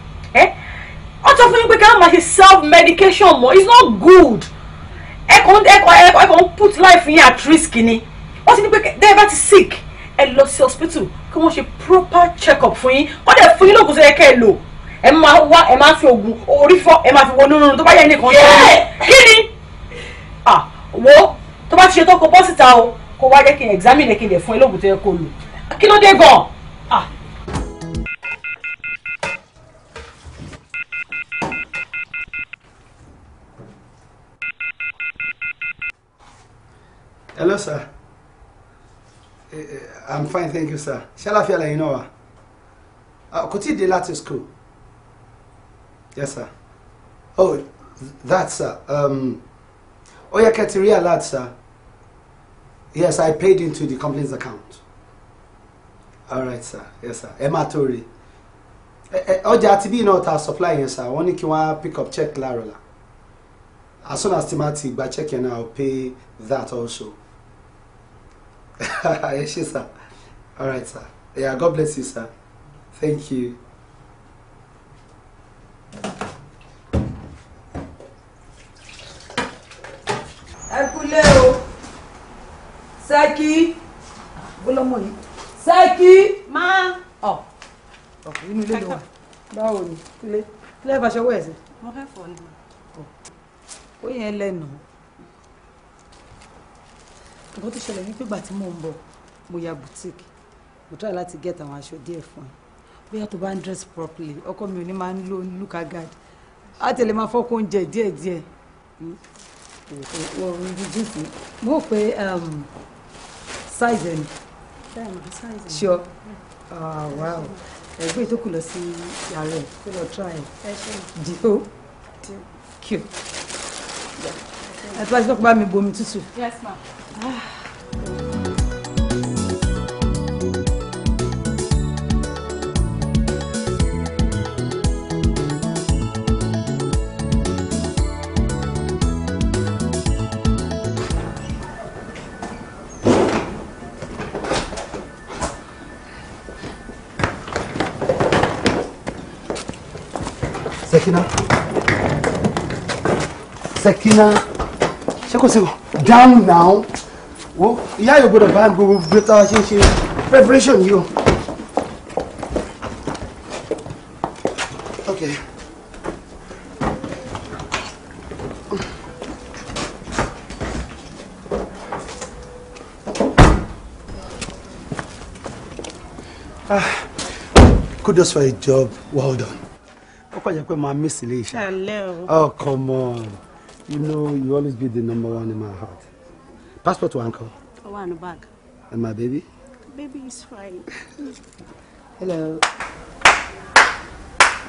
wọ́n sọ fún yín pé ká máa ṣe self medication mọ́ it's not good ẹkọ ẹkọ ẹkọ ẹkọ ń put life yín at risk ni wọ́n ti ní pé dẹ́ẹ̀ bá ti sick ẹ lọ sí hospital kí wọ́n ṣe proper check up fún yín wọ́n dẹ̀ fún yín lóògùn tó yẹ kẹ́ ẹ lò ẹ máa wá ẹ máa fi oògùn orí fọ́ ẹ máa fi wọnú nínú tó bá yẹ nìkan ṣe kí ni wo tó bá ti ṣe tó kó bọ́ síta o kó wá jẹ́ kí n examine kí n dẹ̀ fún yín lóògùn tó yẹ kó lò kí ló dé gan hello sir eh, eh, i'm fine thank you sir Shall I ṣàlàfíà lẹ́yìn náà wà ah, kò tí ì dé láti school yes sir oh that sir um, oh yeah, kẹ́ ti sir yes i paid into the company's account all right sir yes sir Emma Tori. tó rí ọjà àti bí náà ta sir wọ́n ní you wọ́n pick up check larola. as soon as tí by checking, I'll pay that also. (laughs) Yes, sir all right sir yeah god bless you sir thank you. ẹ kúlé o Ṣẹ́kí bọ́lọ́mọ yìí Ṣẹ́kí máa ọ̀ ọ̀ inú ilé ló wà báwo ni kílé kílé bá ṣọwọ́ ẹ̀ sí. mo fẹ́ fọ ni. ó yẹn lẹ́nu nǹkan tó ṣẹlẹ̀ ní pígbà tí mò ń bọ̀ mo ya boutique mo try láti get àwọn aṣọ díẹ̀ fún ẹ bóyá tó bá ń dress properly ọkọ mi ò ní máa ń lo lùkà guard á tẹ̀lé máa fọ́kọ oúnjẹ díẹ̀ díẹ̀ wọ ibi jíìsì mo rò pé um, size ẹni sure oh, wow ẹgbẹ́ tó kù lọ sí yàrá ẹ̀ kó lọ try ẹ̀ dìbò cute ẹ tí wàá ti fọ́ pé bá mi bomi tútù. yes ma'am. Sakina. Sakina. Você conseguiu? Down now. wo ìyá yóò gbọdọ̀ bá gbogbo gbé tá a ṣe ń ṣe preparation yìí o. Ah, kudos for your job well done. ó kọjá pé màá miss ilé iṣẹ́. ṣàlẹ́ o. oh come on you know you always be the number one in my heart. Passport to Uncle. Ó wà a bag. And my baby? Baby is fine. Hello.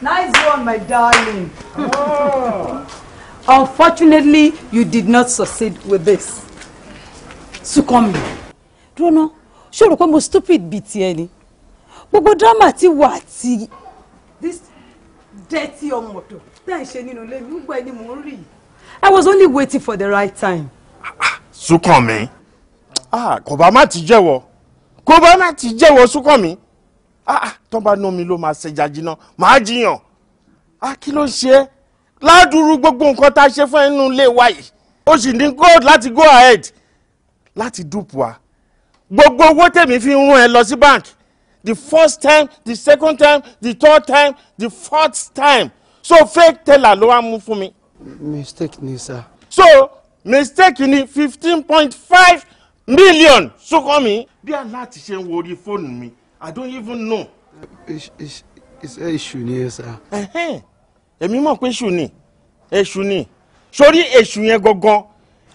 Nice one, my darling. Oh. Unfortunately, you did not succeed with this. Succumb Dúró ná, ṣé o rò pé mo stupid bíi tiẹ̀ ni? Gbogbo drama ti wà This dirty ọmọ ọ̀dọ̀ tẹ́ ẹ̀ ṣe nínú ilé mi, I was only waiting for the right time. Súnkànmí. Ah, kò bá má ti jẹ́wọ́ kò bá má ti jẹ́wọ́ Súnkànmí ah, ah, tó bá ná mi ló máa ṣẹja jiná màá jiyàn kí ló ṣe é ládùúrú gbogbo nǹkan tá a ṣe fún ẹnu ilé wa yìí ó sì ní gold láti go ahead láti dùpù wa gbogbo owó tèmi fi ń rún ẹ lọ sí bank the first time the second time the third time the fourth time so fake teller ló wá mú fún mi. mistake ni sir. so mistake ni fifteen point five million sókọ́mi. bí aláàtì ṣe ń wo orí fóònù mi i don't even know. iṣẹ́ èṣù ni ẹ sá. èmi mọ̀ pé èṣù ni èṣù ni sórí èṣù yẹn gangan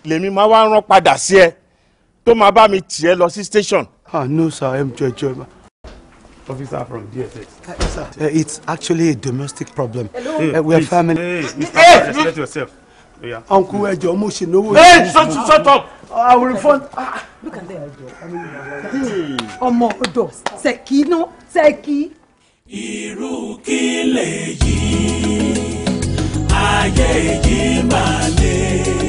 lèmi máa wá rán padà sí ẹ tó máa bá mi tì ẹ lọ sí station. ah no sir I'm Joy ẹ ma. Officer from DSS. Uh, eh, sir. Uh, it's actually a domestic problem. Hello? Eh, hey, uh, we're family. Hey, Mr. Hey, Hey, respect yourself uncle ẹjọ mo ṣe náwó. hey shut shut up. I will refund. Ah, ah. look at them. ọmọ ọ̀dọ̀ ṣèkì náà ṣèkì. irú kí lèyí ayé yìí máa lè.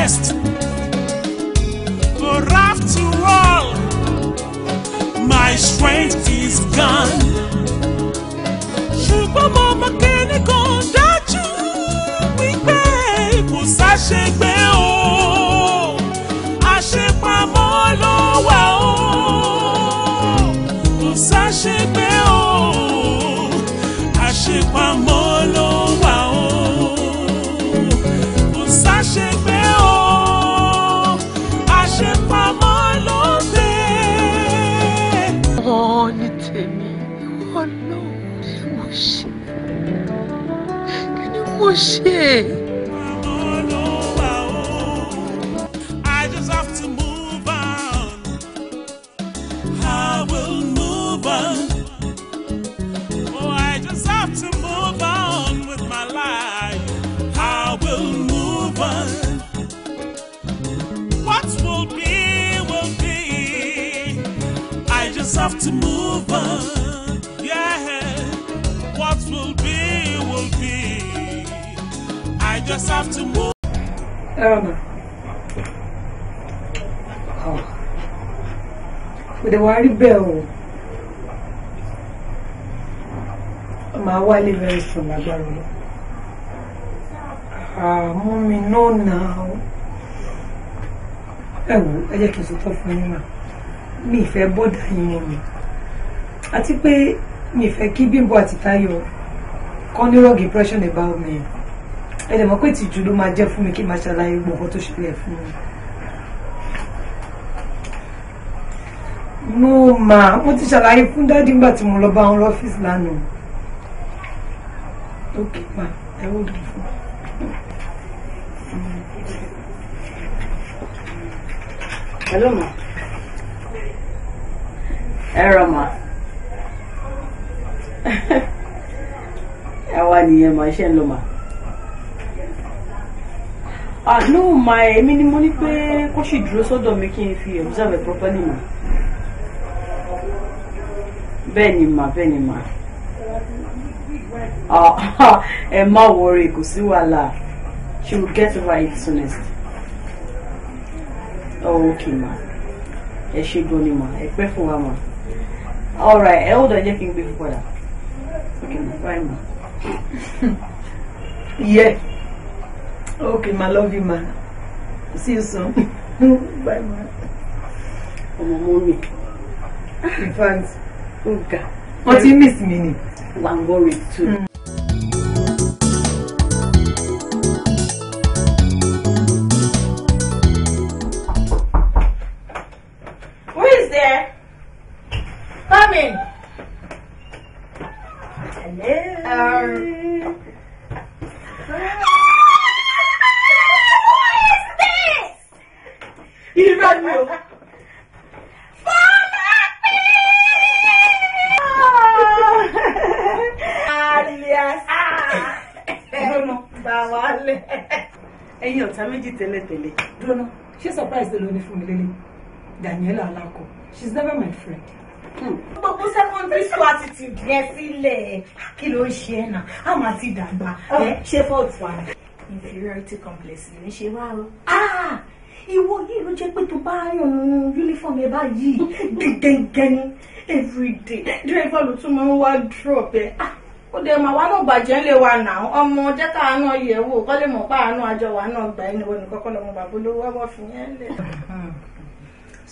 best. But after all, my strength is gone. Ṣùgbọ́n mo mọ kíni kan dájú wípé kò sáṣẹ́gbẹ́. Oh shit. yourself to move. Elma. Oh. with the worry bill, my o. Màá wálé very soon lágbára lọ. Àmú mi náà náà. Ẹ wò ẹ jẹ́ kí you. sọtọ́ fún yín náà. Mi ìfẹ́ bọ́dà yín o mi. Àti pé mi ìfẹ́ kí Bímbọ́ àti Táyọ̀ kọ́ ní wrong impression about me ẹ dẹ̀ mọ̀ pé ìtìjú ló máa jẹ́ fún mi kí n máa ṣàlàyé gbọ̀ngàn tó ṣẹlẹ̀ fún mi. no ma mo ti ṣàlàyé fún dádì nígbà tí mo lọ bá wọn lọ́fíìsì lánàá ok ma ẹ wò dùn fún Hello ma. Ẹ̀rọ ma. (laughs) Ẹ wá nìyẹn ma, iṣẹ́ ń lọ ma. ah no ma èmi ni mo ní pé kó sì dúró sọ́dọ̀ mi kí n fi observe properly ma bẹ́ẹ̀ ni ma bẹ́ẹ̀ ni ma ah, (laughs) ẹ má worry kò sí wàhálà she will get right soonest oh, okay ma ẹ ṣe gan ni ma ẹ pẹ́ fún wa ma alright ẹ ó dọ̀ jẹ́ kí n gbé fún padà okay ma fine ma yeah. Okay, my Love you, ma. See you soon. (laughs) Bye, ma. Ọmọ mọ́ mi. In fact, ó ga. Wọ́n ti miss mi ni. I'm worried too. Mm. Hello. Um, irọ́ ni o. ẹ̀yin ọ̀tá méjì tẹ́lẹ̀tẹ́lẹ̀ dúró ṣé surprise ló ní fún mi lélẹ̀ Daniela Alako she's never my friend. Hmm. gbogbo secondary school attitude yẹn sílẹ̀ kí ló ń ṣe ẹ̀ náà a máa ti dàgbà ah. ṣé fọ́ọ̀tù wa. inferiority complex ni ṣe wá o. Ah! ìwọ yìí ló jẹ́ pé tó bá yàn nínú uniform ẹ báyìí gẹ́gẹ́gẹ́ everyday driver ló tún máa ń wá drop ẹ ah, ó dẹ̀ mà wá náà bàjẹ́ lè wa nà ọmọ jẹ́ta náà yẹ̀ wò kọ́ lè mọ̀ pa àánú àjọ wa náà gbà ẹ́ níwọ̀n nìkan lọ́mọ bàbá olówó ọmọ fi yẹn lẹ̀.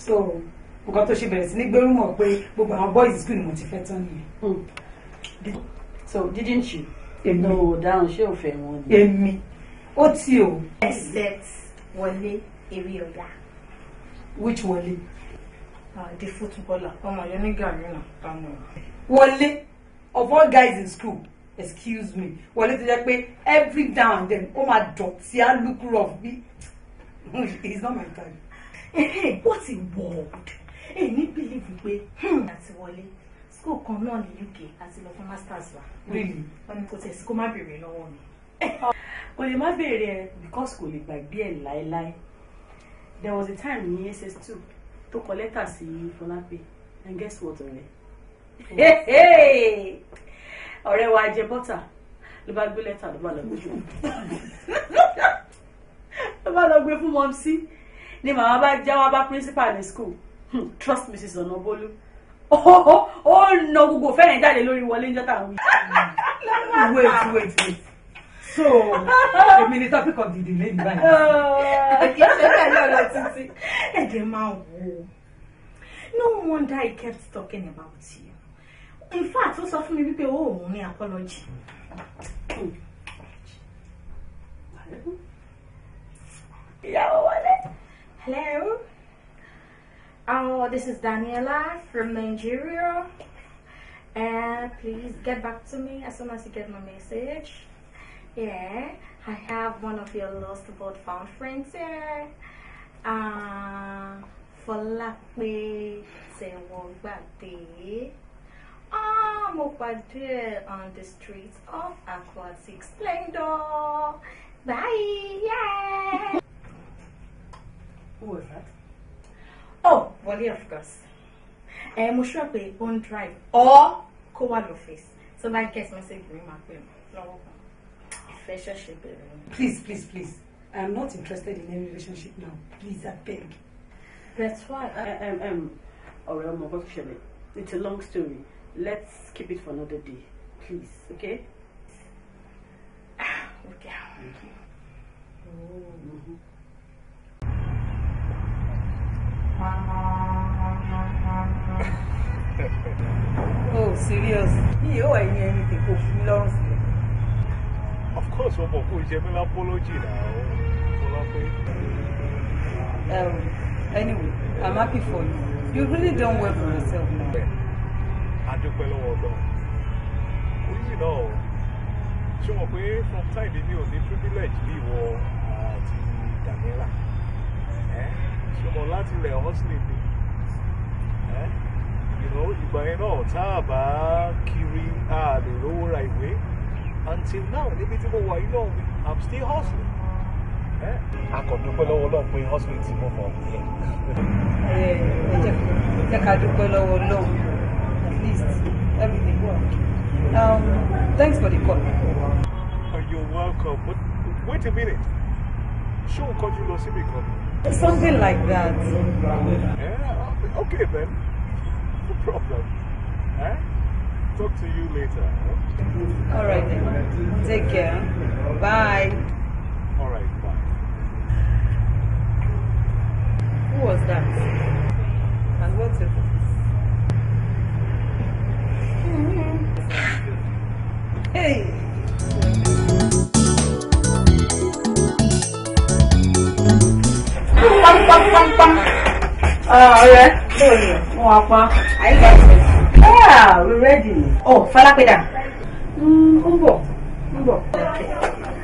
so nǹkan tó ṣe bẹ̀rẹ̀ sí ní gbẹ́rù mọ̀ pé gbogbo àwọn boys school ni mo ti fẹ́ tán nìyẹn. Hmm. so didn't she? èmi ò dáhùn ṣé ò fẹ́ wọn ni. èmi ó ti o. except wọlé eré ọ̀la. which wọlé. Uh, ah, the footballer ọmọ yẹn ní gàrí náà tánú. wọlé of all guys in school excuse me wọlé ti jẹ pé every now and then ó máa dọ̀tí á look rough bí he is not my guy. Eh, eh, what a world èmi eh, bìlìfù pé àti hmm, wọlé school kan náà ní UK àti lọ fún masters wa. really wọn ni kò tẹ̀sí kó má béèrè lọ́wọ́ mi. kò lè má béèrè ẹ because kò lè gbàgbé ẹ láéláé there was a time in e ss2 tó kọ lẹ́tà sí fọlápẹ́ and guess what ọ̀rẹ́ ọ̀rẹ́ wa jẹ bọ́tà ló bá gbé lẹ́tà ló bá lọ gbé fún ló bá lọ gbé fún mọ́mísí ni màmá bá já wa bá principal ní school hmm, trust me, mrs ọ̀nàbólú ó oh, oh, oh, na gbogbo fẹ́rẹ̀ jáde lórí wọlé níjọ́ta wí hmm. wait wait wait. so the minister pick up the day lẹ́yìn báyìí. kì í ṣe bẹ́ẹ̀ náà lọ títí. ẹ̀jẹ̀ no wonder he kept talking about you in fact ó sọ fún mi wípé ó òun apology. Hello. hello. Oh, this is Daniela from Nigeria. And please get back to me as soon as you get my message here. I have one of your lost but found friends here. Uh, Fọlápé Tẹ̀wọ̀gbàdé. Ah, mo on the streets of Aquatic Splendor. Bye, yeah. Who was that? Oh, Wally, of course. Eh, mo sure pé on drive or kó your face. So, like, guess message me, my friend. No, relationship bẹ̀rẹ̀. Eh? please please please i am not interested in any relationship now please abeg. that's why I um, um, ọ̀rẹ́ ọmọ ọgbọ́n tó ṣẹlẹ̀ it's a long story let's keep it for another day please okay. (sighs) okay. okay. Oh. Mm-hmm. oh (laughs) serious You are in anything ẹni tètè Of course, I'm going to an anyway, I'm happy for you. You really don't well for yourself now. I do well all You know, from time mi ò ní privilege bí ìwọ àti Daniela. Ṣé mọ̀ láti You know, ìgbà yẹn náà tá a kiri a lè rówó ra ìwé until now níbi tí mo wà yìí náà i'm still hustling. Eh? akọ̀dúpẹ́ lọ́wọ́ náà pé hustling ti mọ̀ mọ́ mi. ẹ ẹ jẹ́ ká dúpẹ́ lọ́wọ́ náà at least everything work. Um, thanks for the call. Oh, you're welcome. But wait a minute. Ṣé o kọjú lọ síbi kan? Something like that. Yeah, okay then. No problem. Eh? talk to you later. Huh? All right. Then. Take care. Bye. All right. Bye. Who was that? And what's it Mm mm-hmm. Hey. Pam, pam, pam, pam. Ah, ọ̀rẹ́. Bẹ́ẹ̀ ni, mo wà pa. Àyíká ìṣẹ̀lẹ̀. Yeah, we're ready. Oh, Fala Mm, Umbo. Umbo. Okay.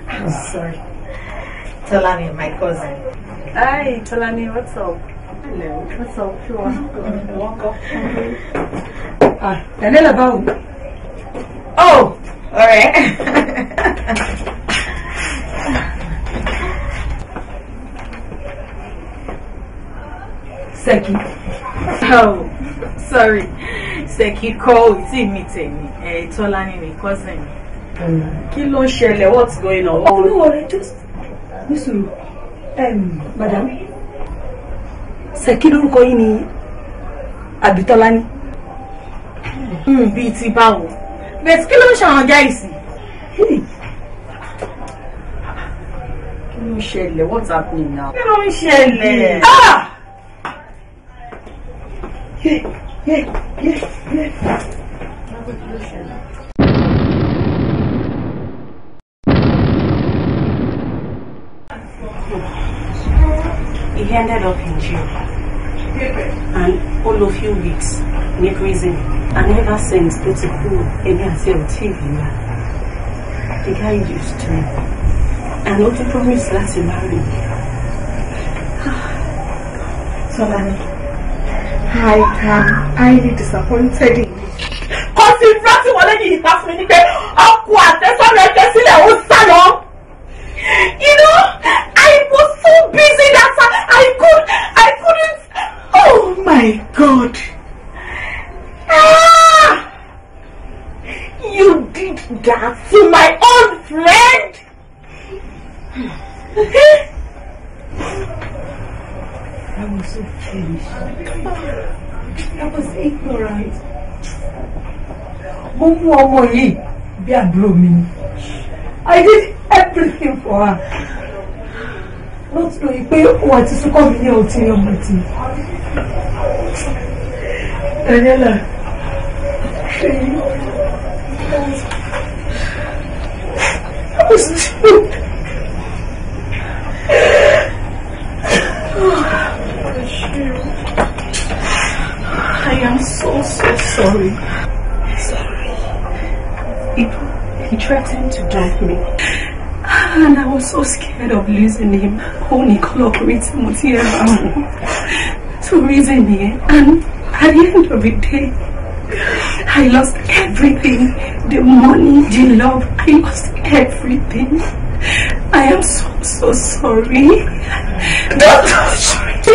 I'm sorry. Tolani, my cousin. Hi, Tolani, what's up? Hello. What's up? You want to (laughs) walk Ah, Daniela bow. Oh, all right. (laughs) Ṣẹ́kì. Oh, sorry. Ṣẹ́kì call. ò tí mi tèmi. Ẹ̀ Tọ́lá ni mi cousin mi. Kí ló ń ṣẹlẹ̀? What's going on? Oh, no worry, just nísòro. Um, madam, Ṣẹ́kì lórúkọ yín ni àbí Tọ́lá ni? Bíi ti báwo? Bẹ̀sì kí ló ń ṣàwọn gáìsì? Kí ló ń ṣẹlẹ̀? What's happening now? Kí ló ń ṣẹlẹ̀? Ah! He ended up in jail and all of few weeks in prison and ever since go to kú ẹni àti ọtí ìgbìmọ̀ the guy used to and ó tún promise láti marry. (sighs) So ni. I am highly disappointed in you. Kò sí Fúlásì wọlé yìí ta fún mi ní pé ọkọ àtẹ́sọ́nà ẹ̀jẹ̀ sílẹ̀ ó sá lọ. You know, I was so busy that I could, I couldn't. Oh my God. Ah! You did that to my own friend. Hmm. I was so foolish. I was ignorant. Mumu mú ọmọ yìí bí I did everything for her. Not to knowing pé òun àti Súnkọ́ mi ní ọtí ọmọ ti. Daniela, I was stupid. you. I am so, so sorry. Sorry. He, he threatened to drop me. And I was so scared of losing him. Only collaborating with him. So reason here. Eh? And at the end of the day, I lost everything. The money, the love, I lost everything. I am so, so sorry. Don't touch me.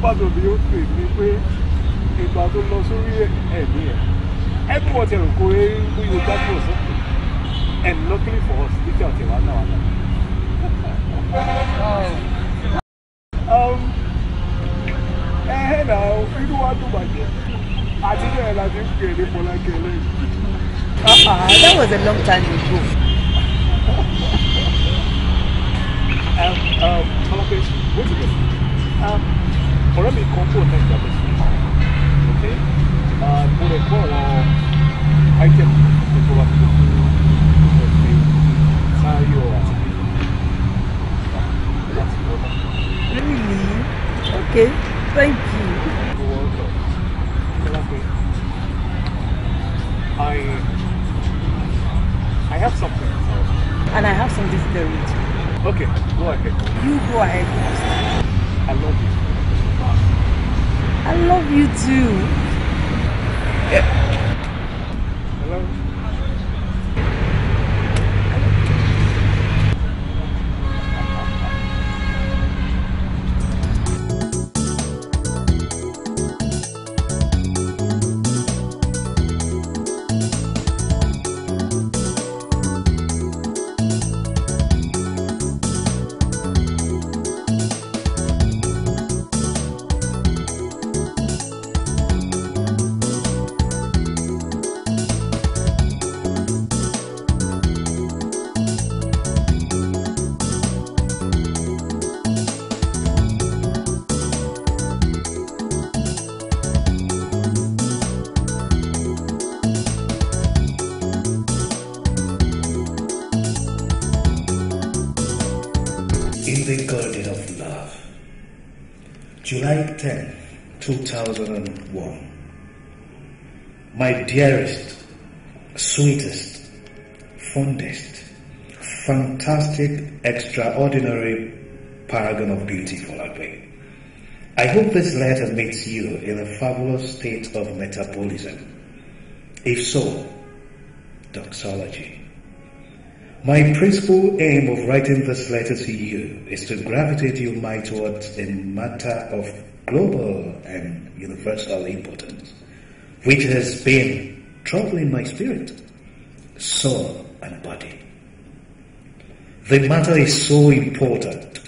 gbádùn mi ó pè mí pé ìgbà tó lọ sórí ẹ̀mí ẹ̀ everyone ti rò kó eérú yorùbá kò sókè and luckily for us níbi àti ìwà náà wà um, náà. ẹ̀hẹ́ náà inú wa dùn bàjẹ́ àti ní ẹ̀ láti ń pè ní Fọlákẹ́ lẹ́yìn. That was a long time ago. um, um, Fọlákẹ́, wait a minute. Um, Ahora mi coco está Okay? Uh, Really? Uh, uh, okay, thank you. You're welcome. I, I have something. And I have some dessert. Okay, go ahead. You go ahead I love you. I love you too. Yeah. Hello? July 10, 2001. My dearest, sweetest, fondest, fantastic, extraordinary paragon of beauty, Folabe. I hope this letter meets you in a fabulous state of metabolism. If so, doxology. My principal aim of writing this letter to you is to gravitate your mind towards a matter of global and universal importance, which has been troubling my spirit, soul, and body. The matter is so important.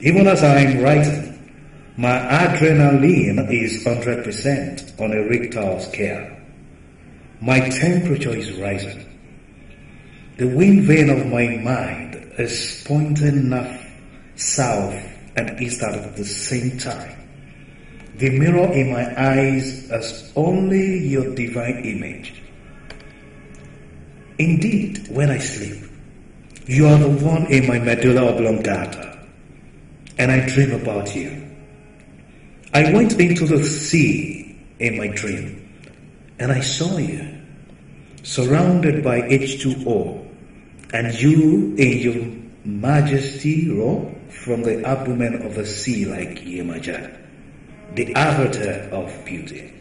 Even as I am writing, my adrenaline is 100% on a Richter scale. My temperature is rising. The wind vane of my mind is pointing north, south, and east at the same time. The mirror in my eyes is only your divine image. Indeed, when I sleep, you are the one in my medulla oblongata, and I dream about you. I went into the sea in my dream, and I saw you, surrounded by H2O, and you, in your majesty, roar from the abdomen of the sea like Yemaja, the avatar of beauty.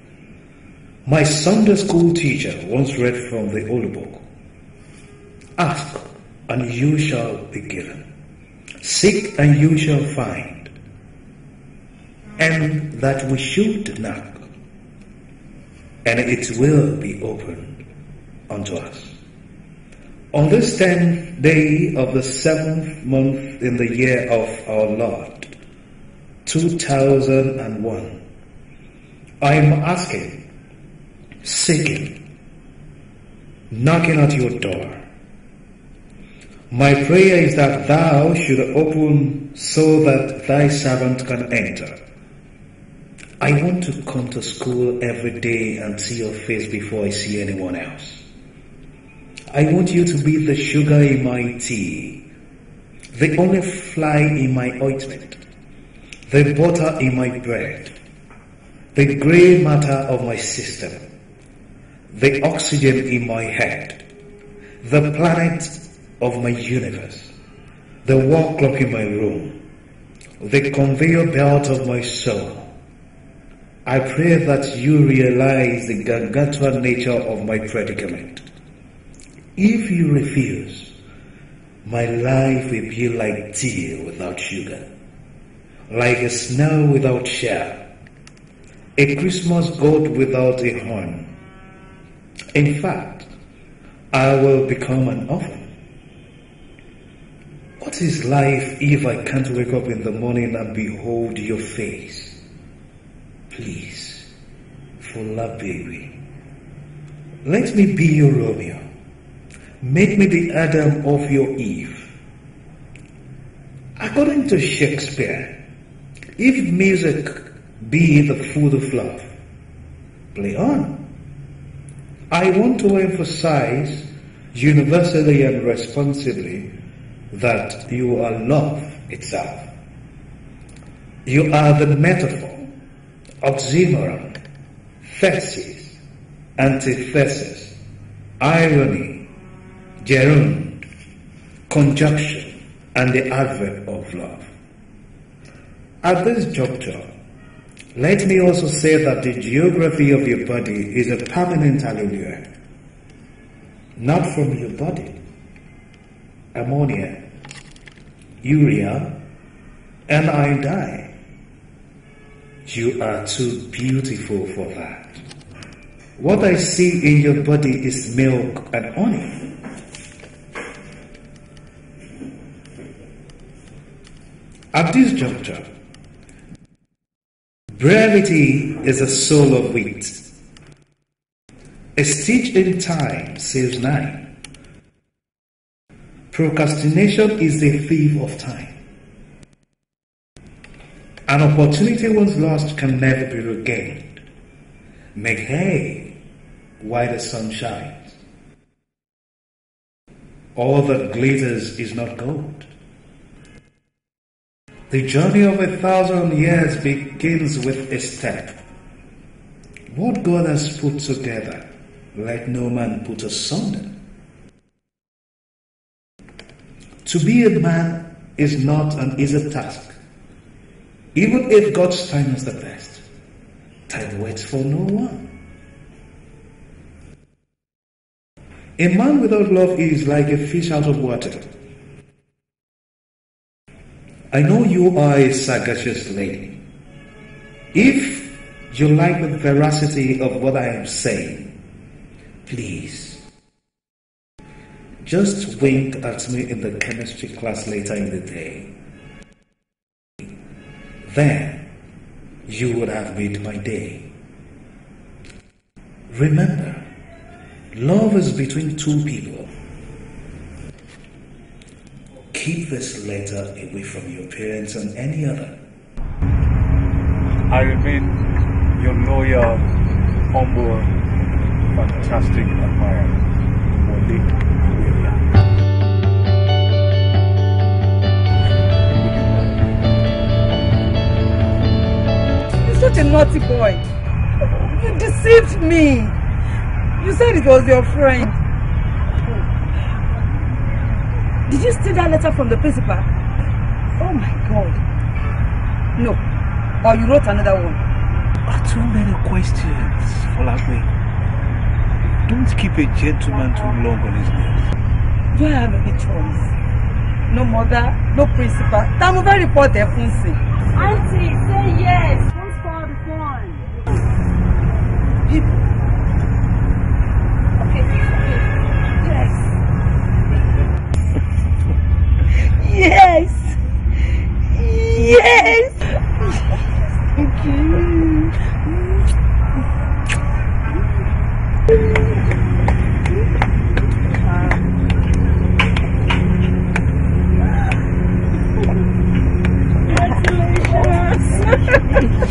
My Sunday school teacher once read from the old Book Ask, and you shall be given. Seek, and you shall find. And that we should knock, and it will be opened unto us. On this tenth day of the seventh month in the year of our Lord, 2001, I am asking, seeking, knocking at your door. My prayer is that thou should open so that thy servant can enter. I want to come to school every day and see your face before I see anyone else. I want you to be the sugar in my tea, the only fly in my ointment, the butter in my bread, the grey matter of my system, the oxygen in my head, the planet of my universe, the wall clock in my room, the conveyor belt of my soul. I pray that you realize the gargantuan nature of my predicament if you refuse, my life will be like tea without sugar, like a snow without shell, a Christmas goat without a horn. In fact, I will become an orphan. What is life if I can't wake up in the morning and behold your face? Please, for love, baby, let me be your Romeo. Make me the Adam of your Eve. According to Shakespeare, if music be the food of love, play on. I want to emphasize universally and responsibly that you are love itself. You are the metaphor, oxymoron, thesis, antithesis, irony, gerund, conjunction, and the adverb of love. At this juncture, let me also say that the geography of your body is a permanent hallelujah. Not from your body. Ammonia, urea, and I die. You are too beautiful for that. What I see in your body is milk and honey. At this juncture, brevity is the soul of wit. A stitch in time saves nine. Procrastination is the thief of time. An opportunity once lost can never be regained. Make hay while the sun shines. All that glitters is not gold. The journey of a thousand years begins with a step. What God has put together, let no man put asunder. To be a man is not an easy task. Even if God's time is the best, time waits for no one. A man without love is like a fish out of water. I know you are a sagacious lady. If you like the veracity of what I am saying, please just wink at me in the chemistry class later in the day. Then you would have made my day. Remember, love is between two people. Keep this letter away from your parents and any other. I remain your loyal, humble, fantastic admirer, You're such a naughty boy. You deceived me. You said it was your friend. Did you steal that letter from the principal? Oh my God. No. Or you wrote another one? Ah, too many questions, Folagbe. Don't keep a gentleman too long on his nails. You have any choice. No mother, no principal. Tamuva report their phone say. Auntie, say yes. Who's spoil the phone? People. Okay, okay. Yes. Yes! Yes!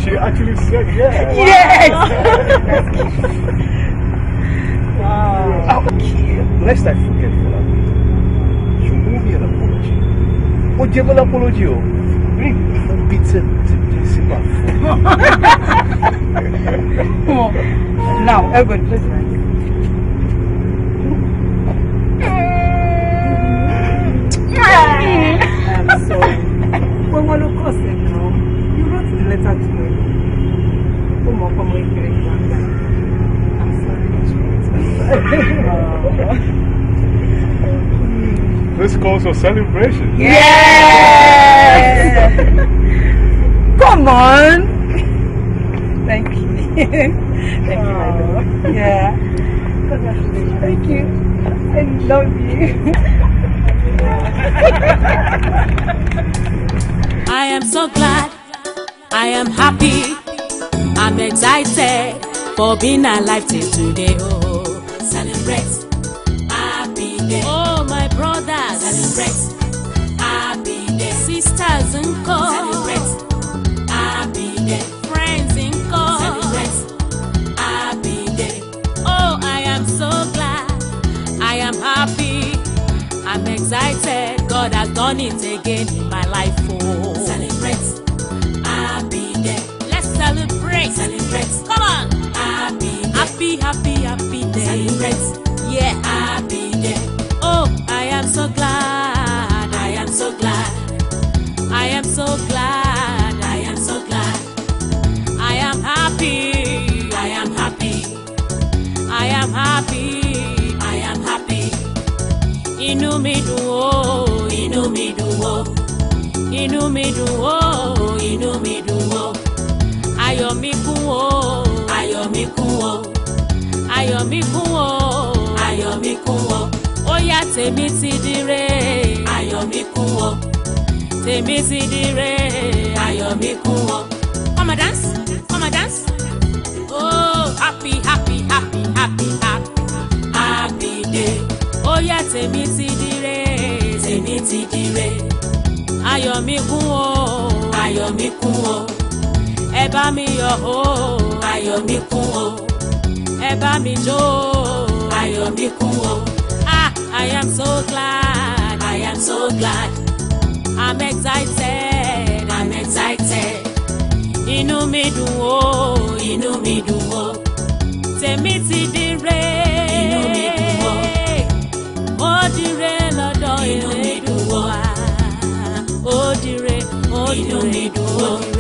she actually said yes. Yes! wow. oh, Lest I forget, mo jẹ mọ́lá pọ́lọ́jì o rí fún peter ti di sípà fún. now everybody place your hand. I'm sorry. Pé wọ́n ló kọ̀ sí You wrote the letter to me. Ó mọ̀ ọkọ I'm sorry. (laughs) Uh, This calls for celebration. Yes! (laughs) Come on! Thank you. (laughs) Thank you. Yeah. Thank you. I love you. I am so glad. I am happy. I'm excited for being alive till today. Oh, celebrate. ńkọ́. Celebrate happy day. Friends ńkọ́. Celebrate happy day. Oh, I am so glad. I am happy. I'm excited. God has done it again in my life. mi dùn ó inú mi dùn ó ayọ̀ mi kún ó ayọ̀ mi kún ó ayọ̀ mi kún ó ayọ̀ mi kún ó ó yá tèmi ti dire ayọ̀ mi kún ó tèmi ti dire ayọ̀ mi kún ó. come and dance come and dance oh happy happy happy happy happy happy day ó yá tèmi ti dire tèmi ti dire ayọ̀ mi kún o. ayọ̀ mi kún o. ẹ bá mi yọ̀ o. ayọ̀ mi kún o. ẹ bá mi jó o. ayọ̀ o. ah I am so glad. I am so glad. I'm excited. I'm excited. inú mi dùn o. inú mi dùn o. tèmi ti di duong'